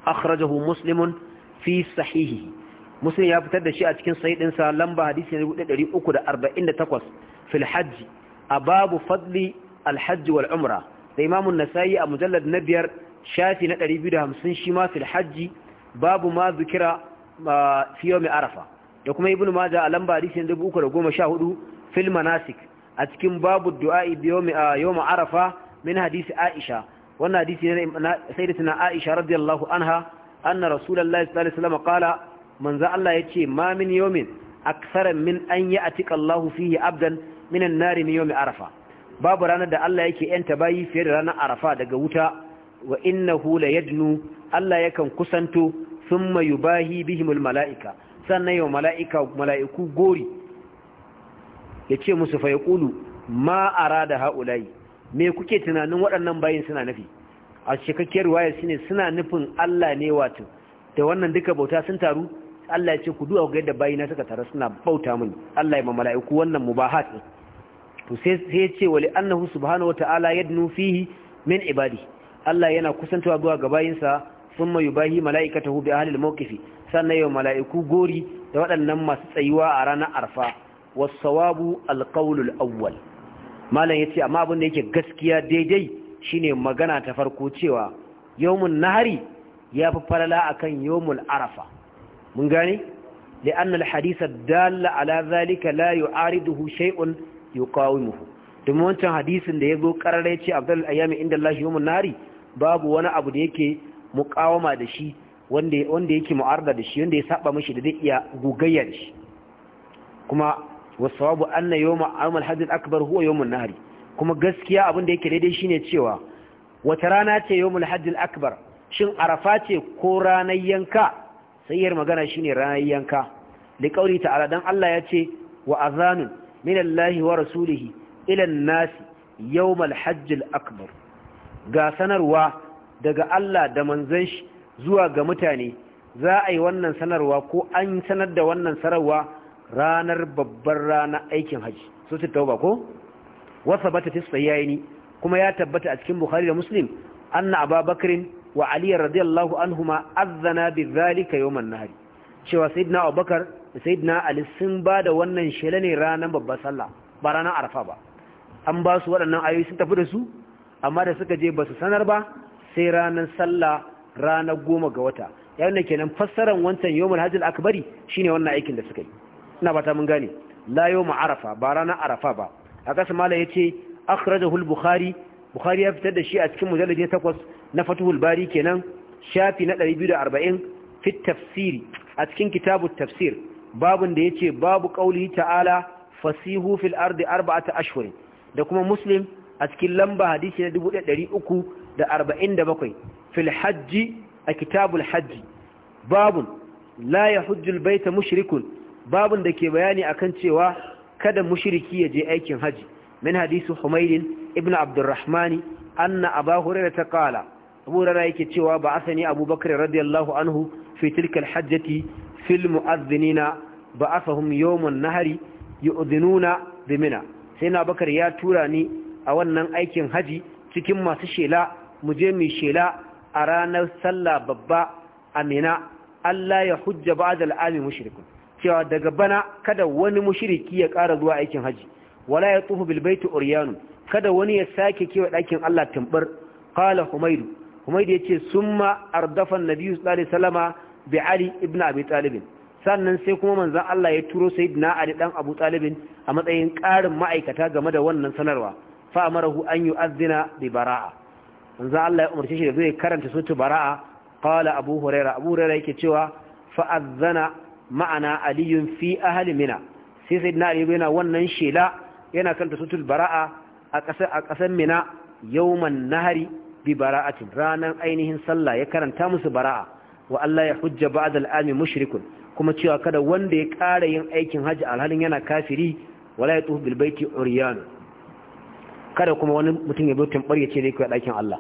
akhrajahu muslimun fi sahihi. muslim ya fitar da shi a cikin sahih ɗinsa lamba hadisi na 348 fil hajj a babu fadli alhajj wal umra da imamun nasayi a mujallar na biyar shafi na 250 shi ma fil hajji babu ma zukira fi yawmi arafa da kuma ibnu maja a lamba hadisi na 314 fil manasik a cikin babu du'a'i bi yawmi arafa min hadisi aisha wannan hadisi na sayyidatina aisha radiyallahu anha anna rasulullahi sallallahu alaihi wasallam qala manzo Allah yace ma min yawmin aksara min an ya'tika Allahu fihi abdan minan nar min yawmi arafa babu ranar da Allah yake yanta bayi fiye da ranar arafa daga wuta wa innahu la yadnu Allah yakan kusanto thumma yubahi bihimul malaika sannan yau malaika malaiku gori yace musu fa yaqulu ma arada haula'i me kuke tunanin waɗannan bayin suna nufi a cikakkiyar waya shine suna nufin Allah ne wato da wannan duka bauta sun taru Allah ya ce ku duwa ga yadda bayina suka tare suna bauta mini Allah ya ma mala'iku wannan mubahat to sai ya ce wali annahu subhanahu wata'ala yadnu fihi min ibadi Allah yana kusantawa zuwa ga bayinsa thumma yubahi mala'ikatahu bi ahli al-mawqifi sannan yau mala'iku gori da waɗannan masu tsayuwa a ranar arfa was-sawabu al auwal. awwal malam yace amma abin da yake gaskiya daidai shine magana ta farko cewa yawmun nahari ya fi falala akan yawmul arafa mun gane لأن الحديث الدال على ذلك لا يعارضه شيء يقاومه domin wancan hadisin da ya zo ƙarare ce abdul ayyami inda Allah shi nari babu wani abu da yake muƙawama da shi wanda yake mu'arda da shi wanda ya saba mashi da zai iya gugayya da shi kuma wasawabu anna yawma amal hadith akbar huwa yawmun nari kuma gaskiya abin da yake daidai shine cewa wata rana ce yawmul hadith akbar shin arafa ce ko ranar yanka sayyar magana shine ranar yanka da kauri ta'ala dan Allah ya ce wa azanun minallahi wa rasulihi ila nasi yawmal al akbar ga sanarwa daga Allah da manzon shi zuwa ga mutane za a yi wannan sanarwa ko an sanar da wannan sanarwa ranar babbar rana aikin haji so ta tauba ko wasa bata kuma ya tabbata a cikin bukhari da muslim anna ababakrin wa ali radiyallahu bi azzana bidhalika na hari. cewa sayyidina abubakar da sayyidina ali sun ba da wannan shela ne ranar babbar sallah ba ranar arfa ba an ba su waɗannan ayoyi sun tafi da su amma da suka je ba su sanar ba sai ranar sallah ranar goma ga wata yawon da kenan fassarar wancan yawon hajjil akbari shine wannan aikin da suka yi ina ba mun gane la yawon arafa ba ranar arafa ba a kasa mala ya ce akhrajahu al-bukhari bukhari ya fitar da shi a cikin mujallar ne takwas na fatuhul bari kenan shafi na 240 fi tafsiri a cikin kitabu tafsir babun da yace babu qauli ta'ala fasihu fil ardi arba'ata ashhur da kuma muslim a cikin lamba hadisi na 1347 fil hajji a kitabul hajji babun la yahujjul baita mushrikun babun da ke bayani akan cewa kada mushriki ya je aikin haji min hadisi humaydin ibn abdurrahmani anna abu ta qala abu yake cewa ba asani abubakar radiyallahu anhu fi tilkal hajjati fil mu'azzinina ba asahum yawmun nahari yu'zinuna bimina sai na bakar ya tura ni a wannan aikin haji cikin masu shela mu je mu shela a ranar sallah babba amina Allah ya hujja ba'da al'ami mushrikun cewa daga bana kada wani mushriki ya ƙara zuwa aikin haji wala ya tufu bil baiti uryanu kada wani ya sake kewa ɗakin Allah tumbar qala humaydu kuma da yace summa ardafan na biyu salama bi ali ibn abi talibin sannan sai kuma manzon Allah ya turo sayyidina ali dan abu talibin a matsayin karin ma'aikata game da wannan sanarwa fa amarahu an azina bi bara'a manzon Allah ya umarci shi da zai karanta sutu bara'a qala abu huraira abu huraira yake cewa fa ma'ana aliyun fi ahli mina sai na ali yana wannan shela yana karanta sutul bara'a a ƙasar mina yawman nahari bi bara'atin ranan ainihin sallah ya karanta musu bara'a wa Allah ya hujja ba'da al'ami mushrikun kuma cewa kada wanda ya ƙara yin aikin haji alhalin yana kafiri wala yatuhu bil baiti uryan kada kuma wani mutum ya bautin bar ya ce zai kai ɗakin Allah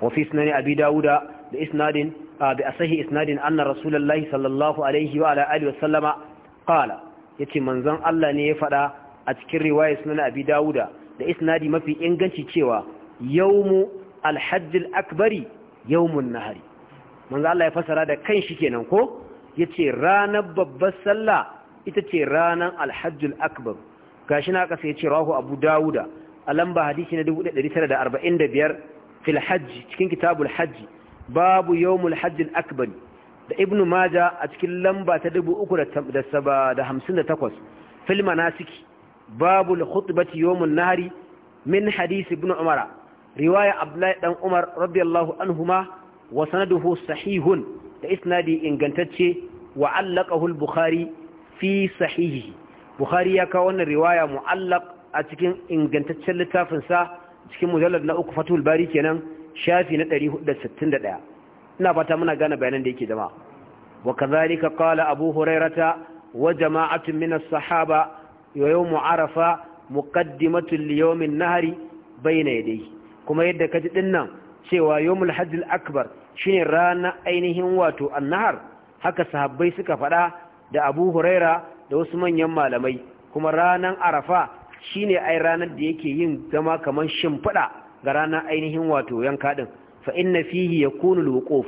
wa fi sunan abi dauda da isnadin bi asahi isnadin anna rasulullahi sallallahu alaihi wa ala alihi wa sallama qala yace manzon Allah ne ya faɗa a cikin riwaya sunan abi dauda da isnadi mafi inganci cewa yawmu alhajjil akbari yawmun nahari manzo Allah ya fasara da kan shi kenan ko yace ranar babbar sallah ita ce ranar alhajjul akbar gashi na kasa yace rahu abu dauda a lamba hadisi na 1945 fil hajj cikin kitabul hajj babu yawmul hajjil akbar da ibnu maja a cikin lamba ta 358 fil manasiki Babu khutbati yawmun nahari min hadisi ibnu umara riwaya abdullahi ɗan umar radiyallahu anhuma wa sanaduhu sahihun da isnadi ingantacce wa allaqahu al-bukhari fi sahihi bukhari ya kawo wannan riwaya mu'allaq a cikin ingantaccen littafinsa sa cikin mujallad na uku fatul bari kenan shafi na 461 ina fata muna gane bayanan da yake zama wa kadhalika qala abu hurairata wa jama'atun min as-sahaba yawm arafa muqaddimatun li nahari an-nahri bayna kuma yadda ka ji dinnan cewa yawmul hajjil akbar shine rana ainihin wato annahar haka sahabbai suka faɗa da abu huraira da wasu manyan malamai kuma ranar arafa shine ai ranar da yake yin zama kamar shimfiɗa ga ranar ainihin wato yanka din fa inna fihi yakunu alwuquf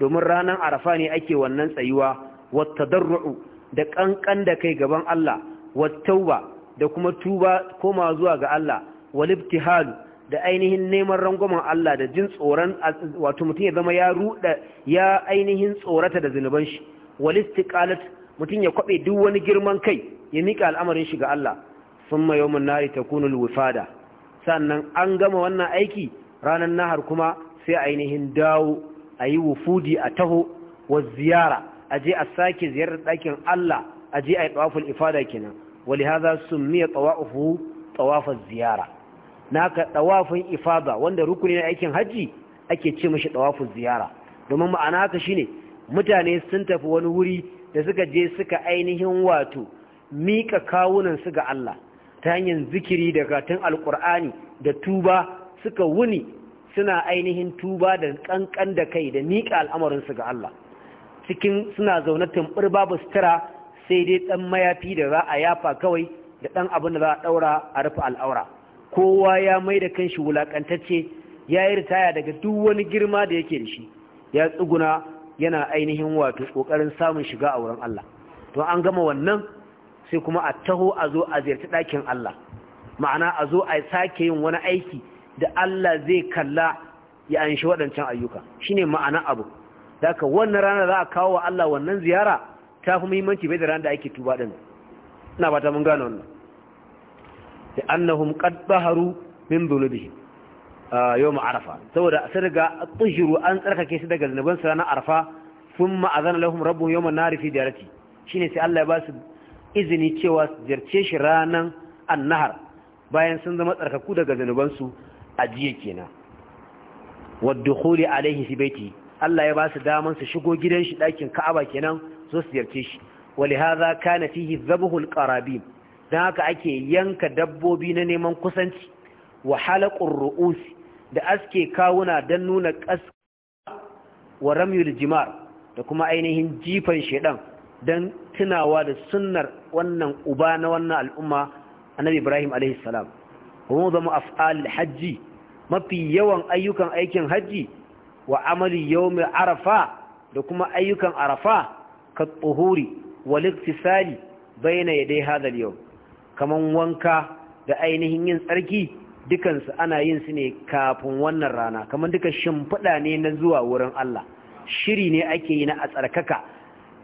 domin ranar arafa ne ake wannan tsayuwa wattadarru da ƙanƙan da kai gaban Allah wattauba da kuma tuba koma zuwa ga Allah walibtihalu da ainihin neman rangwamen Allah da jin tsoron wato mutum ya zama ya ruda ya ainihin tsorata da zunuban shi wal istiqalat mutum ya kwaɓe duk wani girman kai ya mika al'amarin shi ga Allah summa yawmun nari ta al-wifada sannan an gama wannan aiki ranar nahar kuma sai ainihin dawo ayi wufudi a taho wa ziyara aje a sake ziyarar ɗakin Allah aje ayi tawaful ifada kenan ولهذا سمي طوافه طواف ziyara. naka tawafin ifada wanda rukuni na aikin haji ake ce mashi tawafin ziyara domin ma'ana haka shine mutane sun tafi wani wuri da suka je suka ainihin wato mika kawunan su ga Allah ta hanyar zikiri da tun alkur'ani da tuba suka wuni suna ainihin tuba da kankan da kai da mika al'amarin su ga Allah cikin suna zaune tumbur babu sutura sai dai dan mayafi da za a yafa kawai da dan abin da za a daura a rufe al'aura kowa ya mai da kanshi wulakantacce ya yi ritaya daga duk wani girma da yake da shi ya tsuguna yana ainihin wato kokarin samun shiga a wurin Allah to an gama wannan sai kuma a taho a zo a ziyarci ɗakin Allah ma'ana a zo a sake yin wani aiki da Allah zai kalla ya anshi waɗancan ayyuka Shi ne ma'ana abu daga wannan rana za a kawo wa Allah wannan ziyara ta fi muhimmanci bai da ranar da ake tuba ɗin ina ba ta mun gane wannan Sai annahun ƙadbaharu min bai lura da yoma Saboda a sadar ga an tsarkake kisa daga zinubansu na arafa, kuma a zanen raba yoma na rufe jarati, shine sai Allah ya basu izini cewa su jarce shi ranan annahar, bayan sun zama tsarkaku daga zinubansu a jiya kenan. Wadda koli Alayhi Siba'aici, Allah ya basu daman su shigo gidan shi ɗakin Ka'aba kenan, so su jarce shi. Wani har za ka na fi don haka ake yanka dabbobi na neman kusanci wa halakun ru'usi da aske kawuna don nuna ƙasa wa ramyul jimar da kuma ainihin jifan shaidan don tunawa da sunnar wannan uba na wannan al'umma annabi ibrahim alaihi salam kuma zama af'al hajji mafi yawan ayyukan aikin hajji wa amali yawmi arafa da kuma ayyukan arafa ka tsuhuri wal iktisali bayna ya dai yawm kaman wanka da ainihin yin tsarki dukansu ana yin su ne kafin wannan rana kaman duka shimfiɗa ne na zuwa wurin Allah shiri ne ake yi na a tsarkaka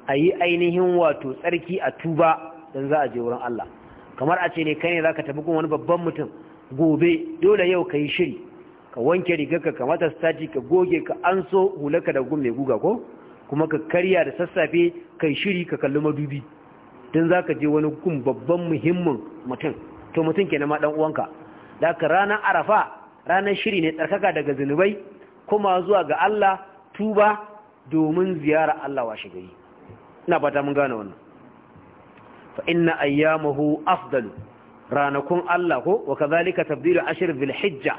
a yi ainihin wato tsarki a tuba don za a je wurin Allah kamar a ce ne kai ne za ka tafi kun wani babban mutum gobe dole yau ka yi shiri ka wanke rigarka ka mata staji ka goge ka an so hulaka da gun mai guga ko kuma ka karya da sassafe kai shiri ka kalli madubi tun za ka je wani gun babban muhimmin mutum to mutum ke nama ɗan uwanka da ka ranar arafa ranar shiri ne tsarkaka daga zunubai kuma zuwa ga Allah tuba domin ziyara Allah washe gari ina fata mun gane wannan fa inna ayyamahu afdalu ranakun Allah ko wa kazalika tabdilu ashr bil hijja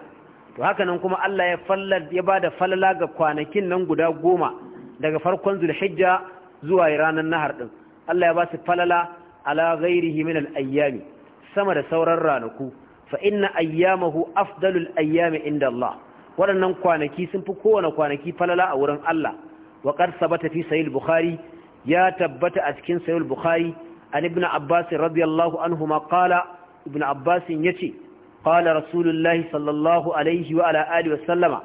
to haka nan kuma Allah ya ba ya bada falala ga kwanakin nan guda goma daga farkon zulhijja zuwa ranar nahar din Allah ya ba su falala ala ghairihi min al-ayyami sama da sauran ranaku fa inna ayyamahu afdalul ayyami inda Allah waɗannan kwanaki sun fi kowane kwanaki falala a wurin Allah wa qad sabata fi sahih bukhari ya tabbata a cikin sahih bukhari an ibn abbas radiyallahu anhu ma qala ibn abbas yace qala rasulullahi sallallahu alaihi wa ala alihi wa sallama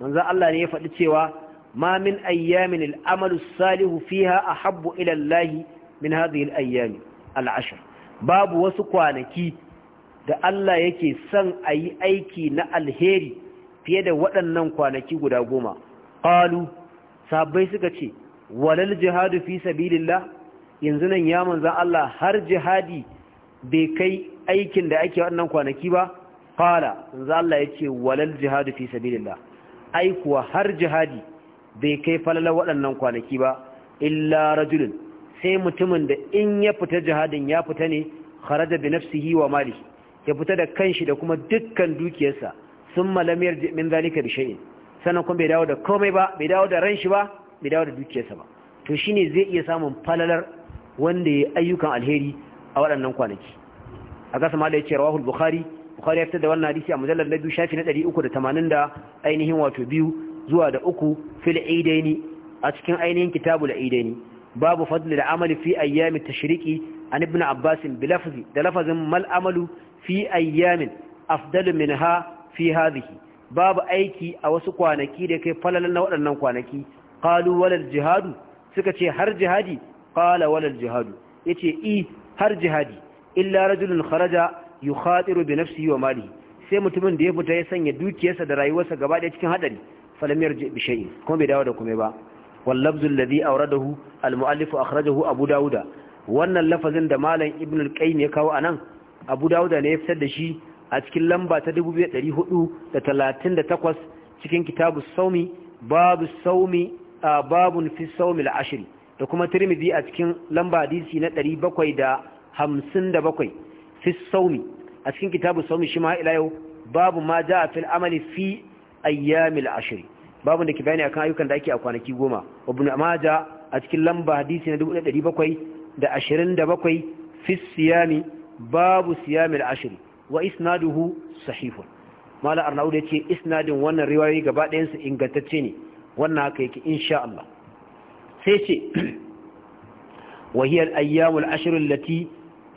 manzo Allah ne ya faɗi cewa ma min ayyamin al-amalu salihu fiha ahabbu ila Allah min hadhihi al-ayyam al-ashr babu wasu kwanaki da Allah yake son ayi aiki na alheri fiye da waɗannan kwanaki guda goma qalu sabai suka ce walal jihadu fi sabilillah yanzu nan ya manzan Allah har jihadi bai kai aikin da ake waɗannan kwanaki ba qala manzan Allah yace walal jihadu fi sabilillah ai kuwa har jihadi bai kai falala waɗannan kwanaki ba illa rajulun sai mutumin da in ya fita jihadin ya fita ne kharaja bi nafsihi wa mali ya fita da kanshi da kuma dukkan dukiyarsa sun malamiyar min zalika bi shay'in sannan kuma bai dawo da komai ba bai dawo da ranshi ba bai dawo da dukiyarsa ba to shine zai iya samun falalar wanda yayi ayyukan alheri a waɗannan kwanaki a ga sama da yake rawahul bukhari bukhari ya fitar da wannan hadisi a mujallal na biyu shafi na 380 da ainihin wato biyu zuwa da uku fil aidaini a cikin ainihin kitabul aidaini babu fadli da amali fi ayyamin tashriqi an ibn abbas bilafzi da lafazin mal amalu fi ayyamin afdalu minha fi hadhihi babu aiki a wasu kwanaki da kai falalan na waɗannan kwanaki qalu walal jihadu suka ce har jihadi qala walal jihadu yace i har jihadi illa rajulun kharaja yukhatiru bi nafsihi wa malihi sai mutumin da ya fita ya sanya dukiyarsa da rayuwarsa gaba ɗaya cikin haɗari falam kuma bai dawo da kuma ba واللفظ الذي أورده المؤلف أخرجه abu داود wannan lafazin da malam ibn al ya kawo anan abu dauda ne ya fitar da shi a cikin lamba ta 1438 cikin kitabus saumi babu saumi a babun fi saumi al da kuma tirmidhi a cikin lamba hadisi na 757 fi saumi a cikin kitabus saumi shi ma ila yau babu ma ja'a fil amali fi ayyamil ashr babu da ke bayani akan ayyukan da ake a kwanaki goma ibn maja a cikin lamba hadisi na 1727 fi siyami babu siyami da ashr wa isnaduhu sahihun mala arnaud yace isnadin wannan riwayoyi gaba ɗayansu ingantacce ne wannan haka yake insha Allah sai ce wa hiya al-ayyam ashr allati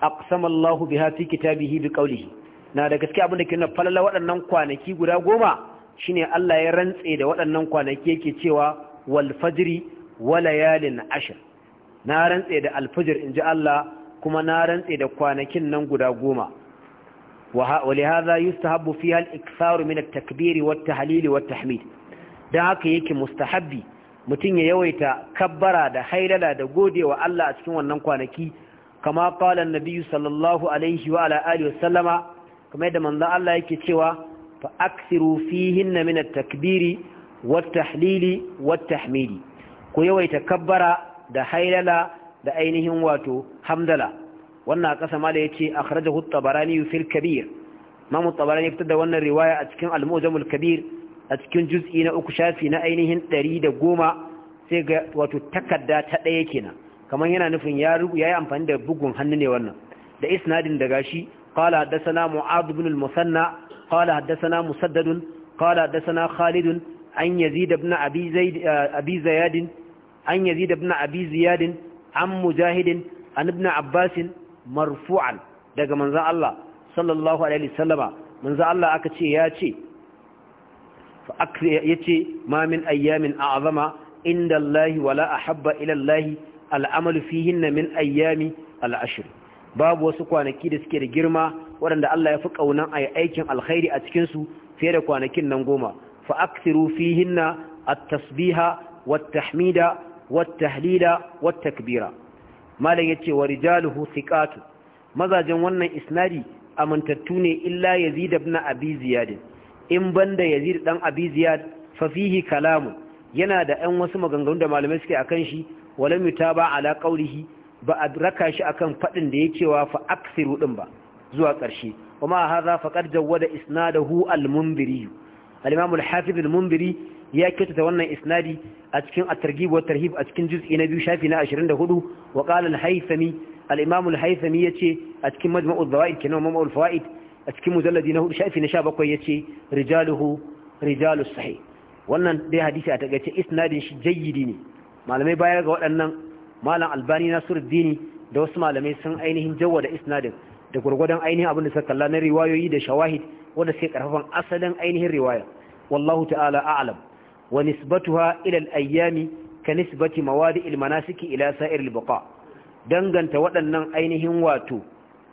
aqsama biha fi kitabihi bi qawlihi na da gaskiya abin da ke nuna falala waɗannan kwanaki guda goma shine Allah ya rantse da waɗannan kwanaki yake cewa wal fajri wa layalin ashr na rantse da alfajr inji Allah kuma na rantse da kwanakin nan guda goma wa lihaza yustahabbu fiha al-iktharu min at-takbir wa at-tahlil wa at-tahmid dan haka yake mustahabbi mutun ya yawaita kabbara da hailala da godewa Allah a cikin wannan kwanaki kama qala an-nabi sallallahu alaihi wa ala alihi wa sallama kamar yadda manzon Allah yake cewa fa aksiru fihinna min at-takbiri wat-tahlili wat-tahmidi ku yawaita kabbara da hailala da ainihin wato hamdala wannan kasa ma yace akhrajahu at-tabarani fi al-kabir imam at-tabarani da wannan riwaya a cikin al-mu'jam kabir a cikin juz'i na uku shafi na ainihin ɗari 110 sai ga wato takarda ta ɗaya kenan kamar yana nufin ya yi amfani da bugun hannu ne wannan da isnadin daga shi qala hadathana mu'adh ibn al-musanna قال حدثنا مسدد قال حدثنا خالد عن يزيد بن أبي, زيد أبي زياد عن يزيد بن أبي زياد عن مجاهد عن ابن عباس مرفوعا daga manzan Allah sallallahu alaihi wasallama manzan Allah aka ce ya ce ma min ayyamin azama inda Allah wala ahabba ila Allah al'amal fihinna min ayyami al'ashir babu wasu kwanaki da suke da girma waɗanda Allah ya fi ƙaunan a aikin alkhairi a cikinsu fiye da kwanakin nan goma fa'aksiru fihinna at-tasbiha wat-tahmida wat-tahlila wat-takbira malam yace wa rijaluhu thiqatu mazajen wannan isnadi amintattu ne illa yazid na abi ziyad in banda yazid dan abi ziyad fa fihi kalamu yana da ɗan wasu maganganu da malamai suke kan shi walam ba ala qawlihi ba a raka shi akan faɗin da ya cewa fa aksiru ɗin ba zuwa ƙarshe kuma a faƙar jawo da isnadahu al-munziri al-imam al-hafiz al mumbiri ya kyautata wannan isnadi a cikin at-targhib wa tarhib a cikin juz'i na biyu shafi na 24 wa qala al-haythami al-imam al-haythami yace a cikin majma'u adh-dhawaid kenan majma'u al-fawaid a cikin mujalladi na 4 shafi na 17 yace rijaluhu rijalus sahih wannan dai hadisi a takaice isnadin shi jayyidi ne malamai bayar ga waɗannan malam albani nasiruddini da wasu malamai sun ainihin jawwa da isnadin da gwargwadon ainihin abin da suka kalla na riwayoyi da shawahid wanda suke karfafan asalin ainihin riwaya wallahu ta'ala a'lam wa nisbatuha ila al-ayyami ka nisbati mawadi' al-manasiki ila sa'ir al-baqa danganta waɗannan ainihin wato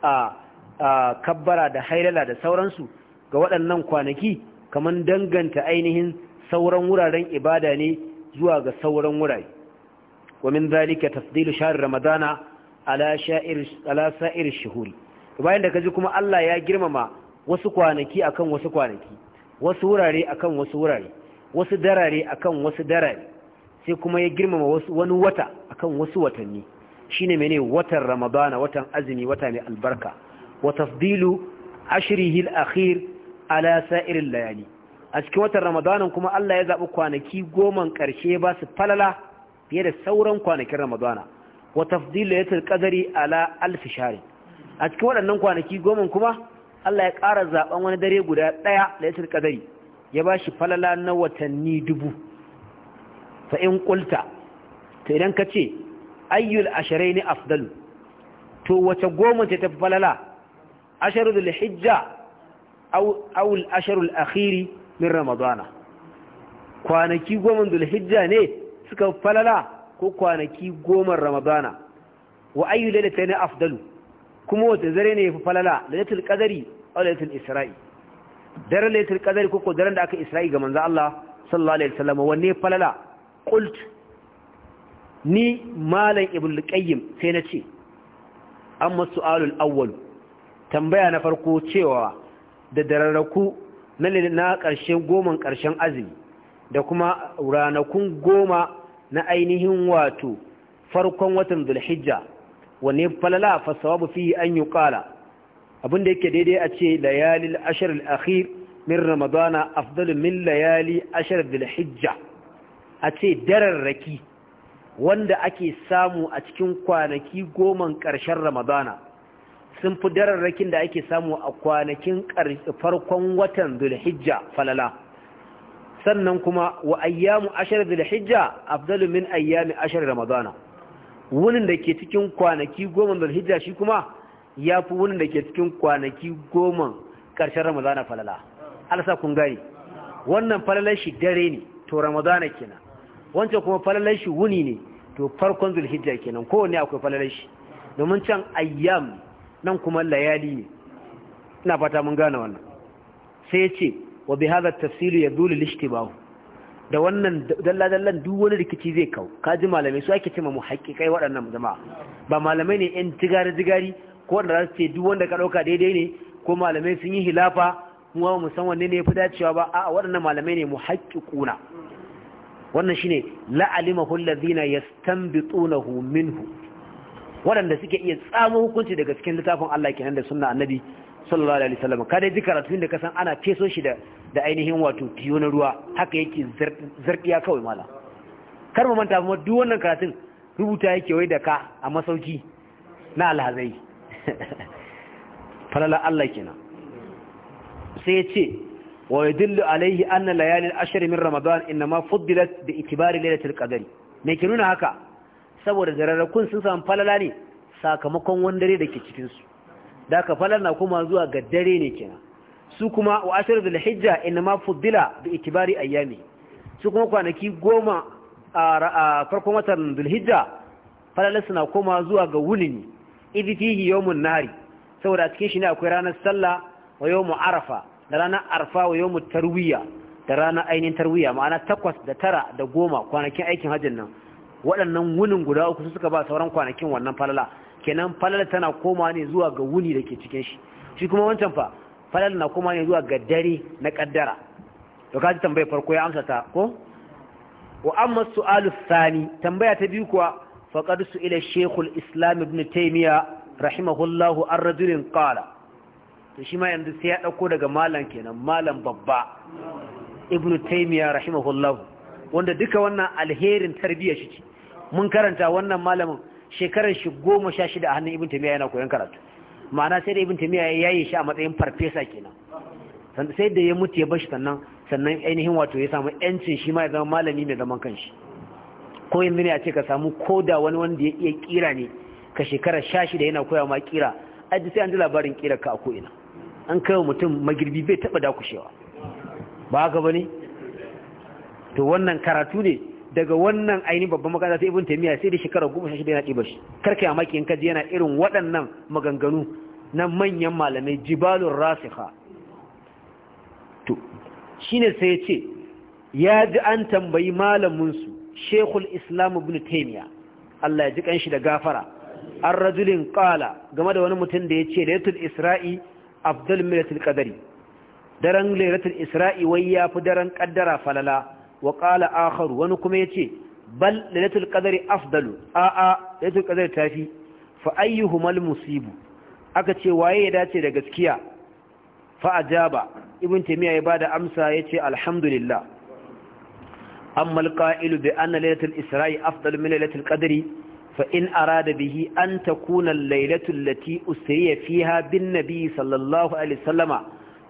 a kabbara da hailala da sauransu ga waɗannan kwanaki kamar danganta ainihin sauran wuraren ibada ne zuwa ga sauran wurare wa min zalika tafdilu shahr ramadana ala sha'ir ala sa'ir shuhuri bayan da kaji kuma Allah ya girmama wasu kwanaki akan wasu kwanaki wasu wurare akan wasu wurare wasu darare akan wasu darare sai kuma ya girmama wasu wani wata akan wasu watanni shine mene watan ramadana watan azumi wata mai albarka wa tafdilu ashrihi al-akhir ala sa'iril layali a cikin watan ramadana kuma Allah ya zabi kwanaki goman karshe ba su falala fiye da sauran kwanakin ramadana wa tafdilu yatil qadari ala alf a cikin waɗannan kwanaki goma kuma Allah ya ƙara zaɓen wani dare guda ɗaya da ya dare ya ba shi falala na watanni dubu fa in ƙulta ta idan ka ce ayyul ashirai ne afdalu to wace goma ce ta falala asharu da hijja awul asharu al'akhiri min ramadana kwanaki goma da hijja ne suka falala ko kwanaki goma ramadana wa ayyul ta ne afdalu kuma wata zare ne ya fi falala lailatul qadari aw lailatul isra'i daren lailatul kadari koko daren da aka isra'i ga manza Allah sallallahu alaihi wasallam wanne falala kult ni malam ibn qayyim sai na ce amma su'alul awwal tambaya na farko cewa da dararraku na na ƙarshen goma ƙarshen azumi da kuma ranakun goma na ainihin wato farkon watan zulhijja wanne falala fa sawabu fi an yuqala abinda yake daidai a ce layalil ashr al akhir min ramadana afdalu min layali ashr dhul hijja a ce dararraki wanda ake samu a cikin kwanaki goman ƙarshen ramadana sun fi dararrakin da ake samu a kwanakin farkon watan zulhijja falala sannan kuma wa ayyamu ashar zulhijja afdalu min ayyami ashar ramadana wunin da ke cikin kwanaki goma da hijja shi kuma ya fi wunin da ke cikin kwanaki goma ƙarshen ramadana falala alasa kun gani wannan falalar shi dare ne to ramadana kenan wancan kuma falalar shi wuni ne to farkon zulhijja kenan kowanne akwai falalar shi domin can ayyam nan kuma layali ne ina fata mun gane wannan sai ya ce wa bi hadha tafsilu yadulu lishtibahu da wannan dalla-dallan duk wani rikici zai kawo, kaji malamai su ake cima mu haƙiƙai waɗannan jama'a ba malamai ne yan jigari-jigari ko wanda za su ce duk wanda ka ɗauka daidai ne ko malamai sun yi hilafa mu ma mu san wanne ne ya fi dacewa ba a waɗannan malamai ne mu haƙiƙuna wannan shine ya stambi yastanbitunahu minhu waɗanda suke iya tsamo hukunci daga cikin littafin Allah kenan da sunna annabi sallallahu alaihi wasallam ka dai ji karatun da ka san ana feso shi da da ainihin wato tiyo na ruwa haka yake zardiya kawai mala kar mu manta kuma duk wannan karatun rubuta yake wai da ka a masauki na alhazai falala Allah kenan sai ya ce wa yadullu alaihi anna al ashr min ramadan inma fuddilat bi itibari lailatul qadri me ke nuna haka saboda zararrakun sun samu falala ne sakamakon wani dare da ke cikinsu da ka falar na kuma zuwa ga dare ne kina, su kuma wa ashirar da lahijja inna ma fuddila bi itibari ayyami su kuma kwanaki goma a farkon watan zulhijja falalar suna koma zuwa ga wunin idi fihi yawmun nari saboda a cikin shi ne akwai ranar sallah wa yawmu arafa da ranar arfa wa yawmu tarwiya da ranar ainihin tarwiya ma'ana takwas da tara da goma kwanakin aikin hajjin nan waɗannan wunin guda uku suka ba sauran kwanakin wannan falala kenan falal tana koma ne zuwa ga wuni da ke cikin shi shi kuma wancan fa falal na koma ne zuwa ga dare na kaddara to kaji tambaya farko ya amsa ta ko wa amma su'alu thani tambaya ta biyu kuwa faqad ila shaykhul islam ibn taymiya rahimahullahu ar rajul qala to shi ma yanzu sai ya dauko daga malam kenan malam babba ibn taymiya rahimahullahu wanda duka wannan alherin tarbiyya shi mun karanta wannan malamin shekarar shi goma sha shida a hannun ibn tamiya yana koyon karatu ma'ana sai da ibn tamiya ya yi sha a matsayin farfesa kenan sai da ya mutu ya bashi sannan sannan ainihin wato ya samu yancin shi ma ya zama malami mai zaman kanshi ko yanzu ne a ce ka samu ko da wani wanda ya iya kira ne ka shekara sha shida yana koya ma kira aji sai an ji labarin kira ka a ko'ina an kai mutum magirbi bai taba dakushewa ba haka ba ne to wannan karatu ne daga wannan ainihin babban makaranta sai ibin taimiyya sai da shekara 16 yana diba shi karka ya maki yankaji ji yana irin waɗannan maganganu na manyan malamai jibalun Rasika. to ne sai ce ya ji an tambayi malamin shekul islam ibn taimiyya Allah ya ji kan shi da gafara an rajulin ƙala game da wani mutum da ya ce lailatul isra'i Abdul daren lailatul isra'i wai ya fi daren kaddara falala wa qala wani kuma yace bal lailatul ƙadari afdalu a a lailatul qadri tafi fa ayyuhumal musibu aka ce waye ya dace da gaskiya fa ba ibn taymiya ya bada amsa yace alhamdulillah amma ilu bi ana lailatul isra'i afdalu min lailatul ƙadari fa in arada bihi an ta al-lailatu allati usriya fiha bin nabiy sallallahu alaihi wasallama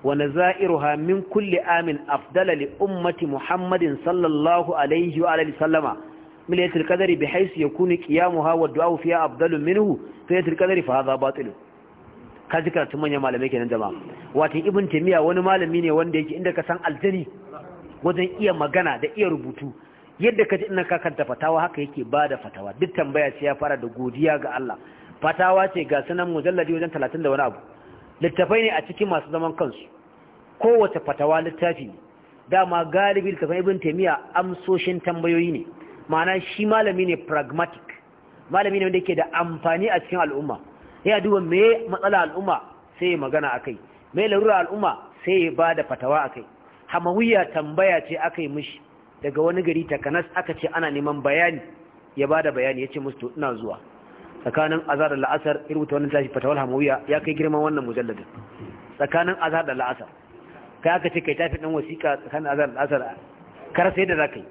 wa nazairuha min kulli amin afdala li ummati muhammadin sallallahu alaihi wa alihi sallama min laylatil qadri bihaythu yakunu qiyamuha wa du'a fiha afdalu minhu fi laylatil qadri fa hadha batil manyan malamai kenan jama'a wato ibn taymiya wani malami ne wanda yake inda ka san aljani wajen iya magana da iya rubutu yadda ka ji ina ka kanta fatawa haka yake ba da fatawa duk tambaya ce ya fara da godiya ga Allah fatawa ce ga sanan mujalladi wajen 30 da wani abu littafai ne a cikin masu zaman kansu kowace fatawa littafi ne dama galibi littafai ibn taymiya amsoshin tambayoyi ne ma'ana shi malami ne pragmatic malami ne wanda yake da amfani a cikin al'umma ya duba me matsala al'umma sai magana akai me larura al'umma sai ya bada fatawa akai hamawiya tambaya ce akai yi mishi daga wani gari takanas aka ce ana neman bayani ya bada bayani ya ce musu ina zuwa tsakanin azhar da la'asar rubuta wannan tashi fatawar hamawiya ya kai girman wannan mujalladin tsakanin azhar da la'asar kai aka ce kai tafi dan wasiƙa tsakanin azhar da la'asar kar sai da zakai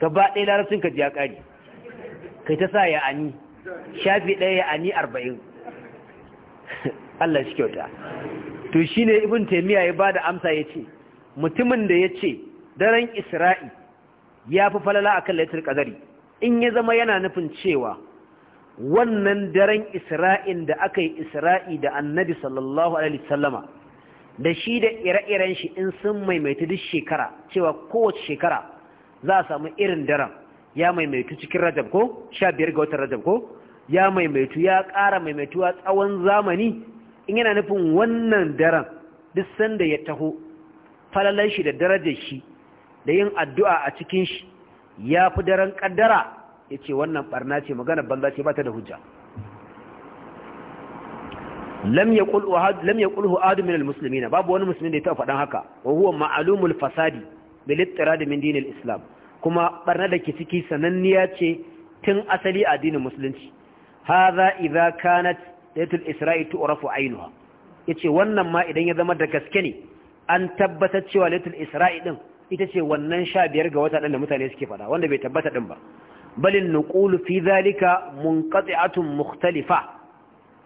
ba ɗaya larabcin ka ji ya ƙari kai ta sa ya ani shafi ɗaya ya ani arba'in Allah shi kyauta to shi ne ibn taimiya ya ba da amsa ya ce mutumin da ya ce daren isra'i ya fi falala a kan laifin ƙazari. in ya zama yana nufin cewa wannan daren isra'in da aka yi isra'i da annabi sallallahu alaihi sallama da shi da ire-iren shi in sun maimaitu duk shekara cewa kowace shekara za a samu irin daren ya maimaitu cikin rajab ko sha biyar ga watan rajab ko ya maimaitu ya ƙara maimaituwa tsawon zamani in yana nufin wannan daren duk sanda ya taho falalan shi da darajar shi da yin addu'a a cikin shi ya fi daren ƙaddara ya ce wannan barna ce maganar banza ce ba ta da hujja lam ya ƙulhu adumin al-musulmina babu wani musulmi da ya taɓa faɗan haka wa huwa ma'alumul fasadi bil da min dinil islam kuma barna da ke ciki sananniya ce tun asali a addinin musulunci hadha idza kanat lailatul isra'i tu'rafu ainuha yace wannan ma idan ya zama da gaske ne an tabbatar cewa lailatul isra'il din ita ce wannan sha biyar ga wata din da mutane suke faɗa wanda bai tabbata din ba بل النقول في ذلك منقطعة مختلفة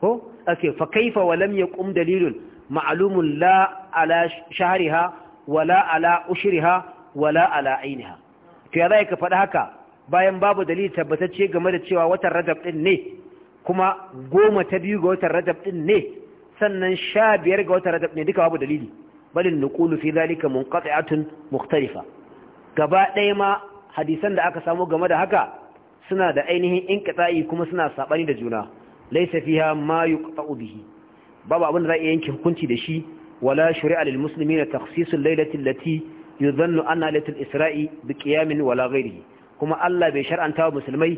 هو أكي فكيف ولم يقم دليل معلوم لا على شهرها ولا على أشرها ولا على عينها في ذلك فدهك bayan babu dalili tabbatacce game da cewa watan rajab din ne kuma goma ta biyu ga watan rajab din ne sannan sha biyar ga watan rajab ne duka babu dalili balin nukulu fi zalika munqati'atun mukhtalifa gaba ɗaya ma hadisan da aka samu game da haka suna da ainihin inqita'i kuma suna sabani da juna laysa fiha ma yuqta'u bihi babu abin da za a yanke hukunci da shi wala shari'a lil muslimina takhsisu al-lailati allati yuzannu anna lailatul isra'i bi qiyamin wala ghairihi kuma Allah bai shar'anta wa musulmai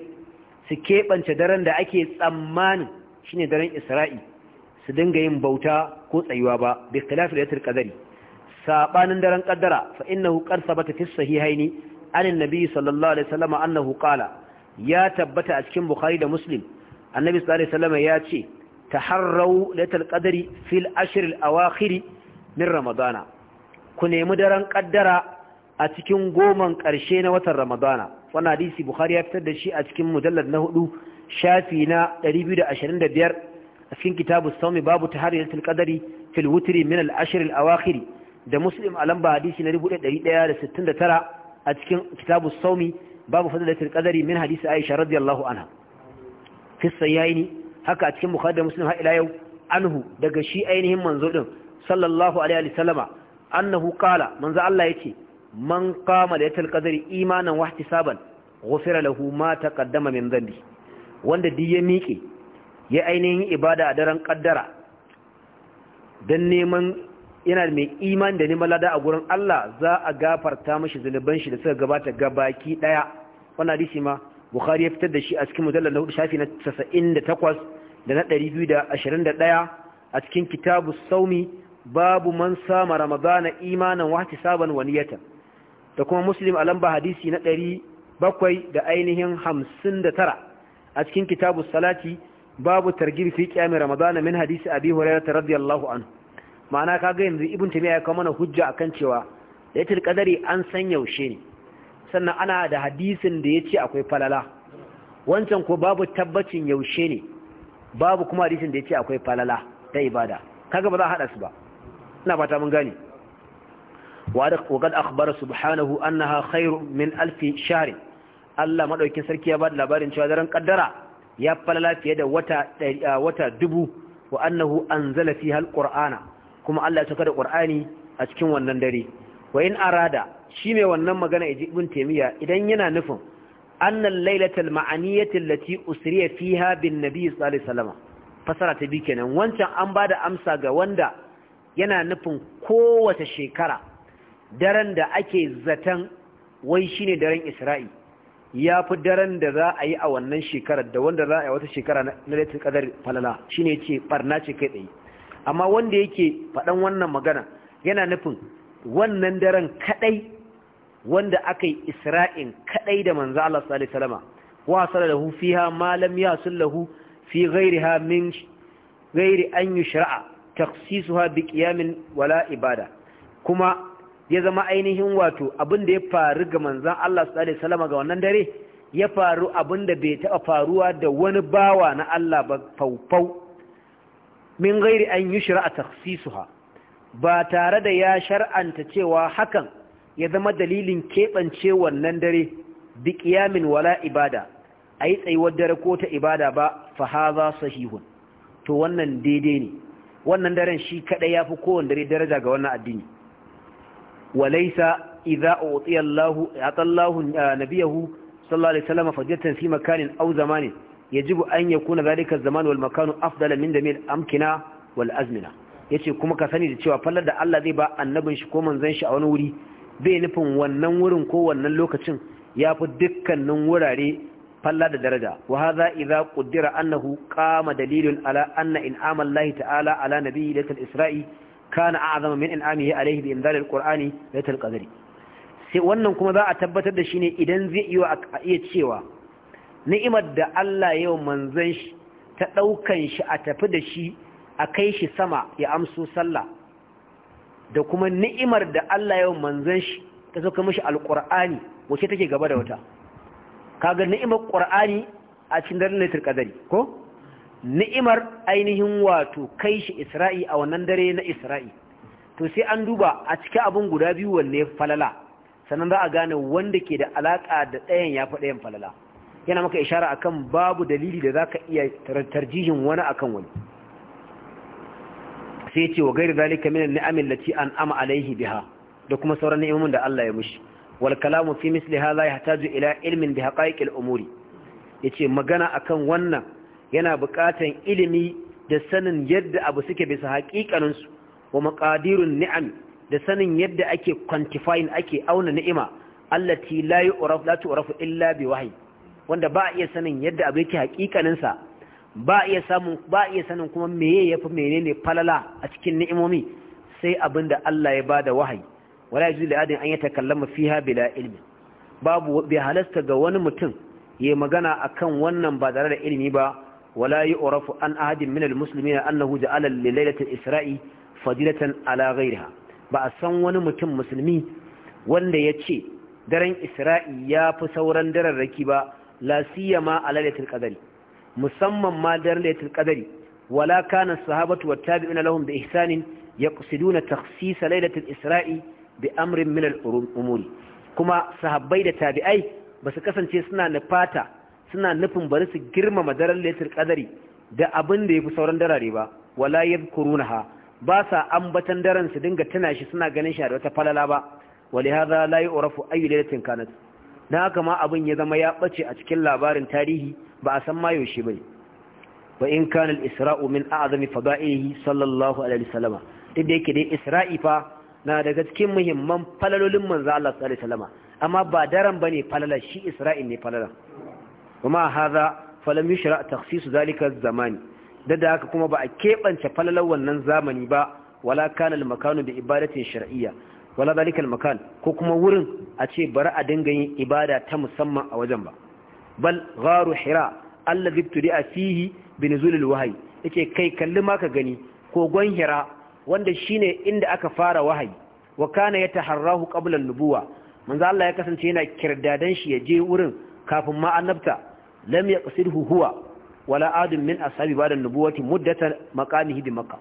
su keɓance daren da ake tsammani shine daren isra'i su dinga yin bauta ko tsayuwa ba bi khilafi lailatul qadari sabanin daren kaddara fa innahu qad sabata fi sahihaini anin nabi sallallahu alaihi wasallam annahu qala ya tabbata a cikin bukhari da muslim annabi sallallahu alaihi wasallam ya ce taharrau latal qadri fil ashr al awakhir min ramadana ku nemi daren kaddara a cikin goman karshe na watan ramadana wannan hadisi bukhari ya fitar da shi a cikin mujallad na hudu shafi na 225 a cikin kitabu sawmi babu taharrul latal qadari fil wutri min al ashr al awakhir da muslim a lamba hadisi na 1169 a cikin kitabu saumi babu fadilatul qadari min hadisi aisha radiyallahu anha fi sayyaini haka a cikin bukhari da muslim har ila yau anhu daga shi ainihin manzo din sallallahu alaihi wasallama annahu qala manzo Allah yace man qama lailatul qadri imanan wa ihtisaban ghufira lahu ma taqaddama min dhanbi wanda duk ya miƙe ya ainihin ibada a daren kaddara dan neman yana mai iman da neman lada a gurin Allah za a gafarta mashi zunuban shi da suka gabata gabaki daya wannan hadisi ma Bukhari ya fitar da shi a cikin mujallal na 4 shafi na 98 da na 221 a cikin kitabu saumi babu man sama ramadana imanan wa ihtisaban wa niyatan da kuma muslim a lamba hadisi na 700 da ainihin 59 a cikin kitabu salati babu targhib fi qiyam ramadana min hadisi abi hurairah radiyallahu anhu ma'ana kaga yanzu ibn tamiya ya kawo mana hujja akan cewa lailatul qadari an san yaushe ne sannan ana da hadisin da yace akwai falala wancan ko babu tabbacin yaushe ne babu kuma hadisin da yace akwai falala ta ibada kaga ba za a hada su ba ina fata mun gane وقد akhbara subhanahu annaha Khairu, Min, Alfi, shahr Allah madaukin sarki ya ba da labarin cewa daren ƙaddara ya falala fiye da wata dubu wa annahu anzala fiha alqur'ana kuma Allah ya kada da Qur'ani a cikin wannan dare wa in arada shi mai wannan magana ibn taimiyya. idan yana nufin annal ma'ani ya lati usriya fiha bin nabiy sallallahu alaihi wasallam fasara ta bi kenan wancan an ba da amsa ga wanda yana nufin kowace shekara daren da ake zaton wai shine daren Isra'i ya fi daren da za a yi a wannan shekarar da wanda za a yi wata shekara na laitin ƙadar falala shi ne ce ɓarna ce kai tsaye amma wanda yake faɗan wannan magana yana nufin wannan daren kaɗai wanda aka yi isra'in kaɗai da manzo Allah sallallahu alaihi wasallam wa hufi ha malam ya sun lahu fi ha min gairi an su ha bi ƙiyamin wala ibada kuma ya zama ainihin wato abin da ya faru ga manzon Allah sallallahu alaihi ga wannan dare ya faru abin da bai taɓa faruwa da wani bawa na Allah ba faufau min gairi an yi shira a taksisuha ba tare da ya shar'anta cewa hakan ya zama dalilin keɓance wannan dare bi ƙiyamin wala ibada a yi tsayuwar dare ko ta ibada ba fahaza sahihun to wannan daidai ne wannan daren shi kaɗai ya fi kowane dare daraja ga wannan addini walaisa idza utiya Allahu ah, nabiyahu sallallahu alaihi wasallam fajatan fi makanin aw zamanin yajibu an yakuna zalika zaman wal makanu afdala min damil amkina wal azmina yace kuma ka sani da cewa fallar da Allah zai ba annabin shi ko manzon shi a wani wuri bai nufin wannan wurin ko wannan lokacin yafi dukkanin wurare falla da daraja wa hadha idza quddira annahu qama dalilun ala anna in'ama Allah ta'ala ala nabiyyi latil isra'i kana a'zama min in'amihi alayhi bi inzalil qur'ani latil qadri sai wannan kuma za a tabbatar da shi ne idan zai iya cewa ni'imar da Allah yau manzon shi ta ɗaukan shi a tafi da shi a kai shi sama ya amso sallah da kuma ni'imar da Allah yau manzon shi ta sauka mashi alqur'ani wace take gaba da wata kaga ni'imar ƙur'ani a cikin daren lailatul kadari, ko ni'imar ainihin wato kai shi isra'i a wannan dare na isra'i to sai an duba a cikin abun guda biyu wanne falala sannan za a gane wanda ke da alaƙa da ɗayan ya fi ɗayan falala yana maka ishara akan babu dalili da zaka iya tarjihin wani akan wani sai ce wa gairu zalika min ni'amin lati an ama alaihi biha da kuma sauran ni'imomin da Allah ya mushi wal kalamu fi misli hadha yahtaju ila ilmin bi haqa'iqil umuri yace magana akan wannan yana buƙatan ilimi da sanin yadda abu suke bisa haƙiƙanin su wa maqadirun ni'am da sanin yadda ake quantifying ake auna ni'ima allati la yu'raf la tu'rafu illa bi wahyi wanda ba iya sanin yadda abu yake hakikaninsa ba iya samun ba iya sanin kuma meye fi menene falala a cikin ni'imomi sai abin da Allah ya bada wahayi wala yajuzu li adin an yatakallama fiha bila ilmi babu bi halasta ga wani mutum yayi magana akan wannan ba tare da ilimi ba wala yu'rafu an ahadin min almuslimina annahu ja'ala li lailatil isra'i fadilatan ala ghayriha ba a san wani mutum musulmi wanda ya ce daren isra'i ya fi sauran dararraki ba Lasiya ma a lailatul qadari musamman ma dar lailatul qadari wala kana sahabatu wat tabi'una lahum bi ihsanin yaqsiduna takhsis lailatul isra'i bi amrin min al kuma sahabbai da tabi'ai basu kasance suna nufata suna nufin bari su girmama daren lailatul qadari da abin da yafi sauran darare ba wala yadhkurunaha ba sa ambatan daran su dinga tana shi suna ganin shi da wata falala ba ولهذا لا يعرف أي ليلة كانت na haka ma abin ya zama ya ɓace a cikin labarin tarihi ba a san ma yaushe ba wa in kana israu min a'azami fadaihi sallallahu alaihi wasallam duk da yake dai isra'i fa na daga cikin muhimman falalolin manzo Allah sallallahu alaihi amma ba daren bane falala shi isra'i ne falala. kuma hadha falam yushra takhsis zalika zamani da da haka kuma ba a keɓance falalar wannan zamani ba wala kana al-makanu bi ibadatin shar'iyya wala dalikal makan ko kuma wurin a ce bari a dinga yin ibada ta musamman a wajen ba bal gharu hira allazi ibtudi'a fihi bi nuzulil wahyi kai kalli ma ka gani kogon hira wanda shine inda aka fara wahayi wa kana yataharrahu qabla an-nubuwa manzo Allah ya kasance yana kirdadan shi ya je wurin kafin ma annabta lam yaqsidhu huwa wala adun min ashabi ba'da an-nubuwati muddatan maqamihi bi makkah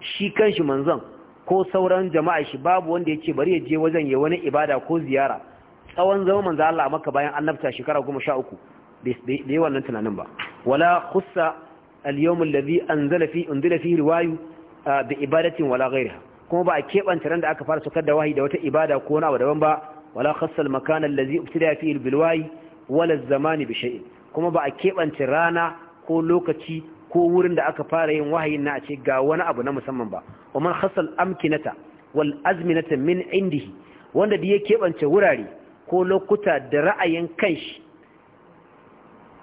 shi kanshi manzon ko sauran jama'a shi babu wanda ya ce bari ya je wajen ya wani ibada ko ziyara tsawon zama manzo Allah a maka bayan annabta shekara goma sha uku bai yi wannan tunanin ba wala khussa al-yawm alladhi anzala fi unzila riwayu bi ibadatin wala ghayriha kuma ba a kebanta ran da aka fara sukar da wahayi da wata ibada ko wani abu daban ba wala khassa al-makan alladhi ibtida fihi al-bilwayi wala az-zamani bi shay'in kuma ba a kebanta rana ko lokaci ko wurin da aka fara yin wahayin na a ce ga wani abu na musamman ba wa man khasal amkinata wal azminata min indihi wanda da ya keɓance wurare ko lokuta da ra'ayin kanshi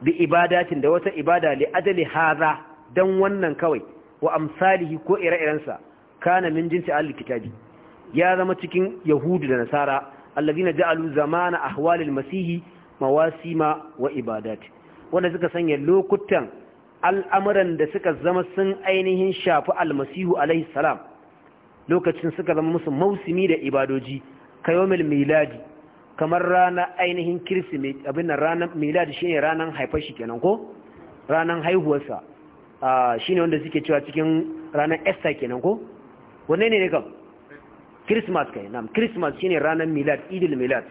bi ibadatin da wata ibada li ajali hadha dan wannan kawai wa amsalihi ko ire-irensa kana min jinsi ahlul kitabi ya zama cikin yahudu da nasara allazina ja'alu zamana ahwalil masihi mawasima wa ibadat wanda suka sanya lokutan al'amuran da suka zama sun ainihin shafi almasihu alaihi salam lokacin suka zama musu mausumi da ibadoji kayomil miladi kamar rana ainihin kirsi abin da ranar miladi shine ranar haifar shi kenan ko ranar haihuwarsa shine wanda suke cewa cikin ranar esta kenan ko wanne ne ne kam christmas kai nam christmas shine ranar milad idil milad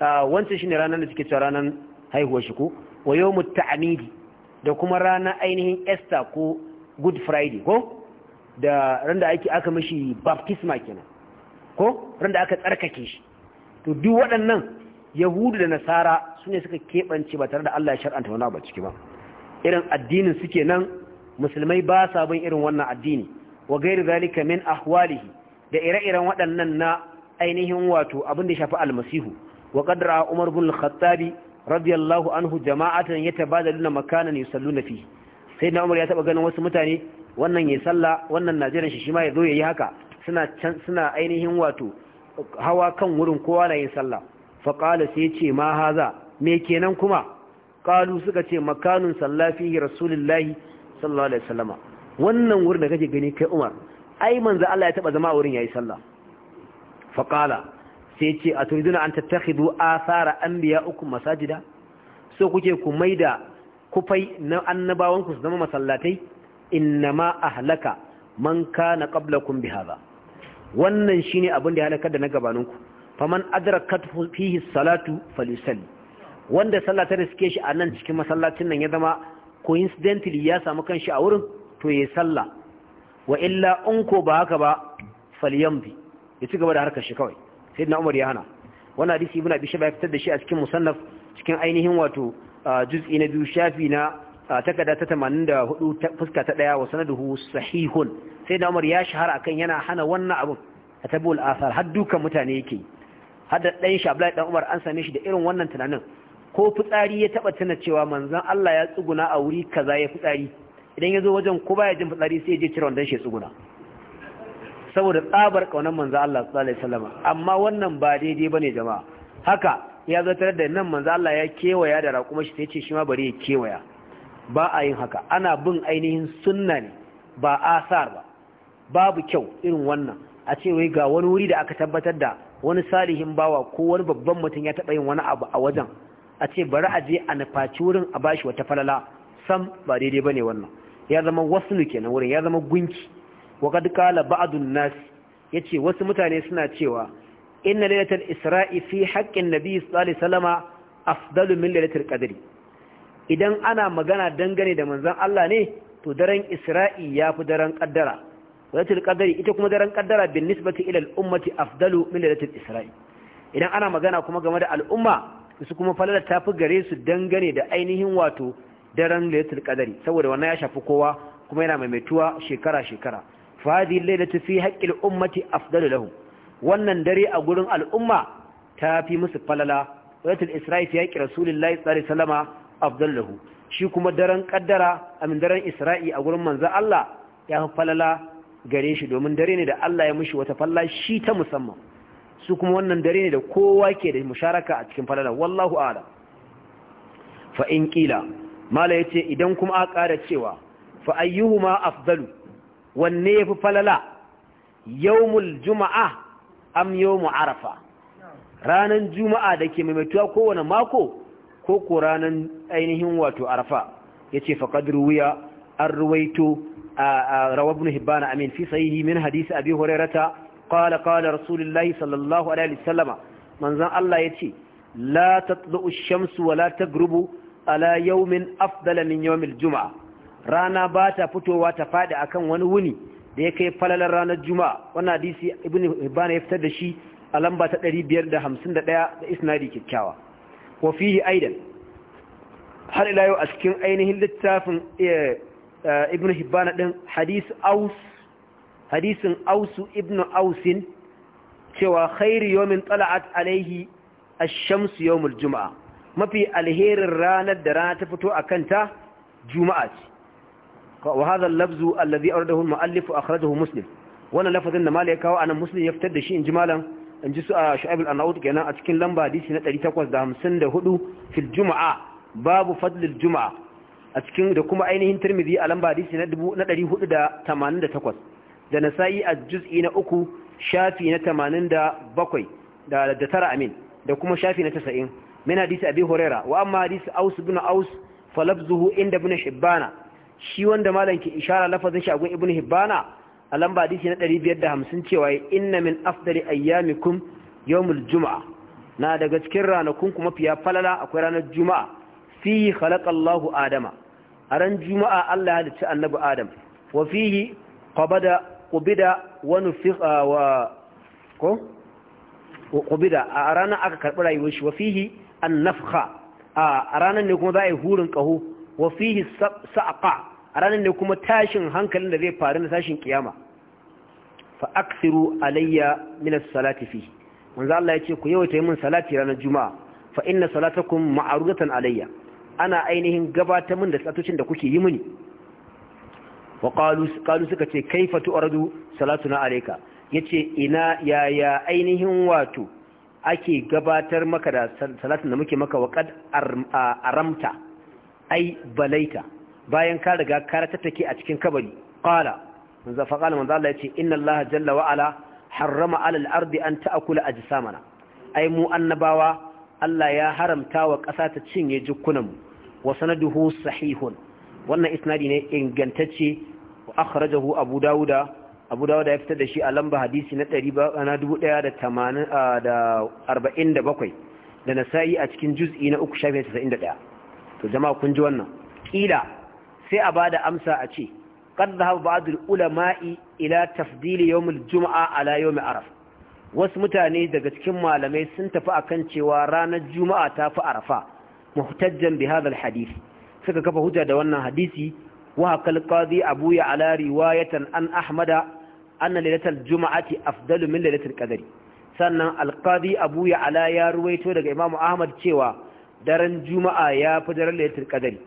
wancan shi ne ranar da suke cewa ranar haihuwar shi ko wayo yawmut ta'amidi da kuma rana ainihin Easter ko Good Friday ko da randa ake aka mishi baptisma kenan ko randa aka tsarkake shi to duk waɗannan Yahudu da Nasara sune suka keɓance ba tare da Allah ya shar'anta wani ba ciki ba irin addinin suke nan musulmai ba sa bin irin wannan addini wa gairi zalika min ahwalihi da ire-iren waɗannan na ainihin wato abin da ya shafi almasihu wa qadra Umar bin al-Khattabi radiyallahu anhu jama'atan yatabadaluna makanan yusalluna fi sai na umar ya taba ganin wasu mutane wannan ya salla wannan najeran shi shima ya zo yayi haka suna suna ainihin wato hawa kan wurin kowa na yin salla. fa qala sai ce ma haza me kenan kuma qalu suka ce makanun sallafihi rasulullahi sallallahu alaihi wasallama wannan wurin da kake gani kai umar ai manzo Allah ya taba zama a wurin yayi yi fa qala sai ce a turiduna an tattakhidu anbiya uku masajida so kuke ku maida kufai na annabawan ku su zama masallatai innama ahlaka man kana qablakum bihadha wannan shine abin da ya halakar da na gabaninku faman adrakat fihi salatu falyusalli wanda sallah ta riske shi a nan cikin masallacin nan ya zama coincidentally ya samu kanshi a wurin to yayi sallah wa illa in ba haka ba falyambi ya ci gaba da harkar shi kawai na umar ya hana wannan hadisi ibn abi shayba ya fitar da shi a cikin musannaf cikin ainihin wato juz'i na biyu shafi na takarda ta tamanin da hudu fuska ta daya wa sanaduhu sahihun na umar ya shahara akan yana hana wannan abun atabul asar har dukan mutane yake har da ɗan shi Abdullahi dan Umar an same shi da irin wannan tunanin ko fitsari ya taɓa tana cewa manzon Allah ya tsuguna a wuri kaza ya fitsari idan ya zo wajen ko baya jin fitsari sai ya je cire wannan shi ya tsuguna saboda tsabar kaunar manzan Allah sallallahu alaihi wasallam amma wannan ba daidai ba ne jama'a haka ya zartar da nan manzan Allah ya kewaya da raƙuma shi sai ce shi ma bari ya kewaya ba a yin haka ana bin ainihin sunna ne ba asar ba babu kyau irin wannan a ce wai ga wani wuri da aka tabbatar da wani salihin bawa ko wani babban mutum ya taɓa yin wani abu a wajen a ce bari a je a nufaci wurin a bashi wata falala sam ba daidai ba ne wannan ya zama wasu kenan wurin ya zama gunki wa qad qala ba'dun nas yace wasu mutane suna cewa inna lailatul isra'i fi haqqin nabiy sallallahu alaihi wasallama afdalu min lailatul idan ana magana dangane da manzon Allah ne to daren isra'i yafi daren qaddara lailatul qadri ita kuma daren qaddara bin nisbati ila al ummati afdalu min lailatul isra'i idan ana magana kuma game da al'umma su kuma falala tafi gare su dangane da ainihin wato daren lailatul qadri saboda wannan ya shafi kowa kuma yana maimaituwa shekara shekara fadi lailatu fi haqqil ummati afdalu lahum wannan dare a gurin al'umma ta fi musu falala wayatul isra'i ya ƙi rasulullahi sallallahu alaihi wasallama afdalu lahu shi kuma daren kaddara amin daren isra'i a gurin manzo Allah ya fi falala gare shi domin dare ne da Allah ya mishi wata falla shi ta musamman su kuma wannan dare ne da kowa ke da musharaka a cikin falala wallahu a'lam fa in qila mala yace idan kuma a ƙara cewa fa ayyuhuma afdalu wanne ya fi falala yawmul juma'a am yawmu arafa ranan juma'a da ke maimaituwa kowane mako ko ko ranan ainihin wato arafa yace faqad ruwiya an ruwaito a ibn hibban amin fi sahihi min hadisi abi hurairata qala qala rasulullahi sallallahu alaihi wasallama manzon Allah yace la tatlu ash-shamsu wa la tagrubu ala yawmin afdala min yawmil juma'a rana ba ta fitowa ta faɗi akan wani wuni da ya kai falalar ranar juma'a wannan hadisi ibn hibban ya fitar da shi a lamba ta 551 da isnadi kyakkyawa wa fihi aidan har ila yau a cikin ainihin littafin eh, eh, ibn hibban din hadis aus hadisin ausu ibn ausin cewa khairu yawmin tala'at alaihi ash-shamsu yawmul juma'a mafi alherin ranar da rana ta fito a kanta juma'a ce وهذا اللفظ الذي أرده المؤلف أخرجه مسلم وانا لفظ إن مالي كاو أنا مسلم يفتد شيء جمالا إن جسء شعيب الأنعود كنا أتكين لمبا دي سنة لتقوز دهم سنة هدو في الجمعة باب فضل الجمعة أتكين دكما أينهن ترمذي ألمبا دي سنة دبو نتري هدو دا تمانين دا تقوز دا نسائي الجزئين أكو شافي نتمانين دا بقوي دا, دا ترى أمين دا كما شافي نتسائين من حديث أبي هريرة وأما حديث أوس بن أوس فلفظه عند ابن حبانا shi wanda malam ke ishara lafazin shi gun ibn hibbana a lamba hadisi na ɗari da 550 cewa inna min afdali ayyamikum yawmul juma'a na daga cikin ranakun kuma fiya falala akwai ranar juma'a fihi khalaqallahu adama a ran juma'a Allah ya halicci annabi adam wa fihi qabada qubida wa nufikha ah, wa ko qubida a ranar aka karbi rayuwar shi wa fihi an ah, a ranar ne kuma za a yi hurin kaho wa fihi sa'aqa a ranar ne kuma tashin hankalin da zai faru na tashin kiyama fa aksiru alayya min as-salati fihi manzo Allah ya ce ku yawaita min salati ranar juma'a fa inna salatakum ma'rudatan alayya ana ainihin gabata min da satocin da kuke yi mini wa qalu suka ce kaifa tu'radu salatuna alayka yace ina yaya ainihin wato ake gabatar maka da salatin da muke maka wa qad aramta ai balaita bayan ka riga ka take a cikin kabari qala manzo fa qala manzo Allah yace inna Allah jalla wa ala harrama ala al-ardi an ta'kula ajsamana ai mu annabawa Allah ya haramta wa ƙasa ta cinye jukkunanmu wa sanaduhu sahihun wannan isnadi ne ingantacce wa akhrajahu abu dawuda abu ya fitar da shi a lamba hadisi na 1147 ah, da nasa'i a cikin juz'i na 3 shafi to jama'a kun ji wannan kila sai a bada amsa a ce qad dhahaba ba'd ulama'i ila tafdil yawm al-jum'a ala yawm arafa wasu mutane daga cikin malamai sun tafi akan cewa ranar juma'a ta fi arafa muhtajjan bi hadha al-hadith suka kafa hujja da wannan hadisi wa hakal qadi abu ya ala riwayatan an ahmada anna lailatul juma'ati afdalu min lailatul qadri sannan al-qadi abu ya ala ya ruwaito daga imam ahmad cewa daren juma'a ya fi daren lailatul qadari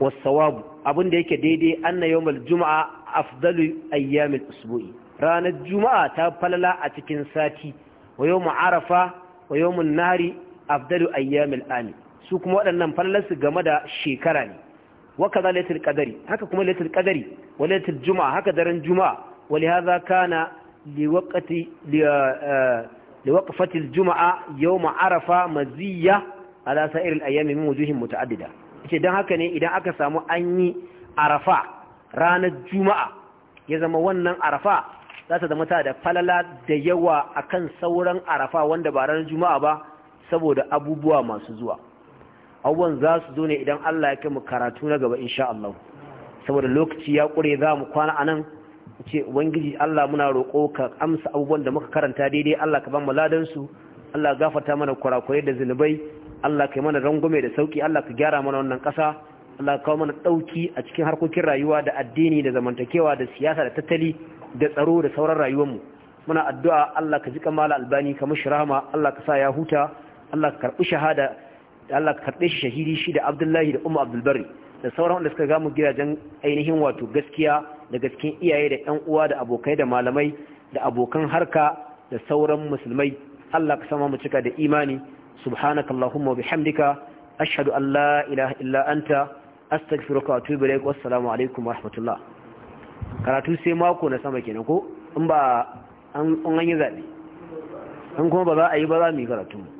wasawabu abin da yake daidai anna yawmal juma'a afdalu ayyamil usbu'i ranar juma'a ta falala a cikin sati wa yawmu arafa wa yawmun nahri afdalu ayyamil ami su kuma waɗannan falalarsu game da shekara ne wa kaza lailatul qadari haka kuma lailatul kadari wa lailatul juma'a haka daren juma'a wa lihaza kana liwaqati uh, uh, لوقفة الجمعة يوم عرفة مزية على سائر الأيام من وجوه متعددة ce don haka ne idan aka samu anyi arafa ranar juma'a ya zama wannan arafa za ta zama ta da falala da yawa akan sauran arafa wanda ba ranar juma'a ba saboda abubuwa masu zuwa abubuwan za su zo ne idan Allah ya kai mu karatu na gaba insha Allah saboda lokaci ya ƙure za mu kwana anan ce ubangiji Allah muna roƙo ka amsa abubuwan da muka karanta daidai Allah ka bamu ladan su Allah gafarta mana kurakurai da zunubai Allah ka yi mana rangume da sauki Allah ka gyara mana wannan ƙasa Allah kawo mana ɗauki a cikin harkokin rayuwa da addini da zamantakewa da siyasa da tattali da tsaro da sauran rayuwar mu. muna addu'a Allah ka jika mala albani ka mishi rahama Allah ka sa ya huta Allah ka karɓi shahada Allah ka karɓe shi shahidi shi da Abdullahi da Umma Abdulbari da sauran wanda suka gamu gidajen ainihin wato gaskiya daga cikin iyaye da ƴan uwa da abokai da malamai da abokan harka da sauran musulmai Allah ka sama mu cika da imani subhanakallahumma wa bihamdika ashhadu an la ilaha illa anta astaghfiruka wa atubu ilaik wassalamu alaikum wa rahmatullah karatu sai mako na sama kenan ko in ba an an yi zabe an kuma ba za a yi ba za mu yi karatu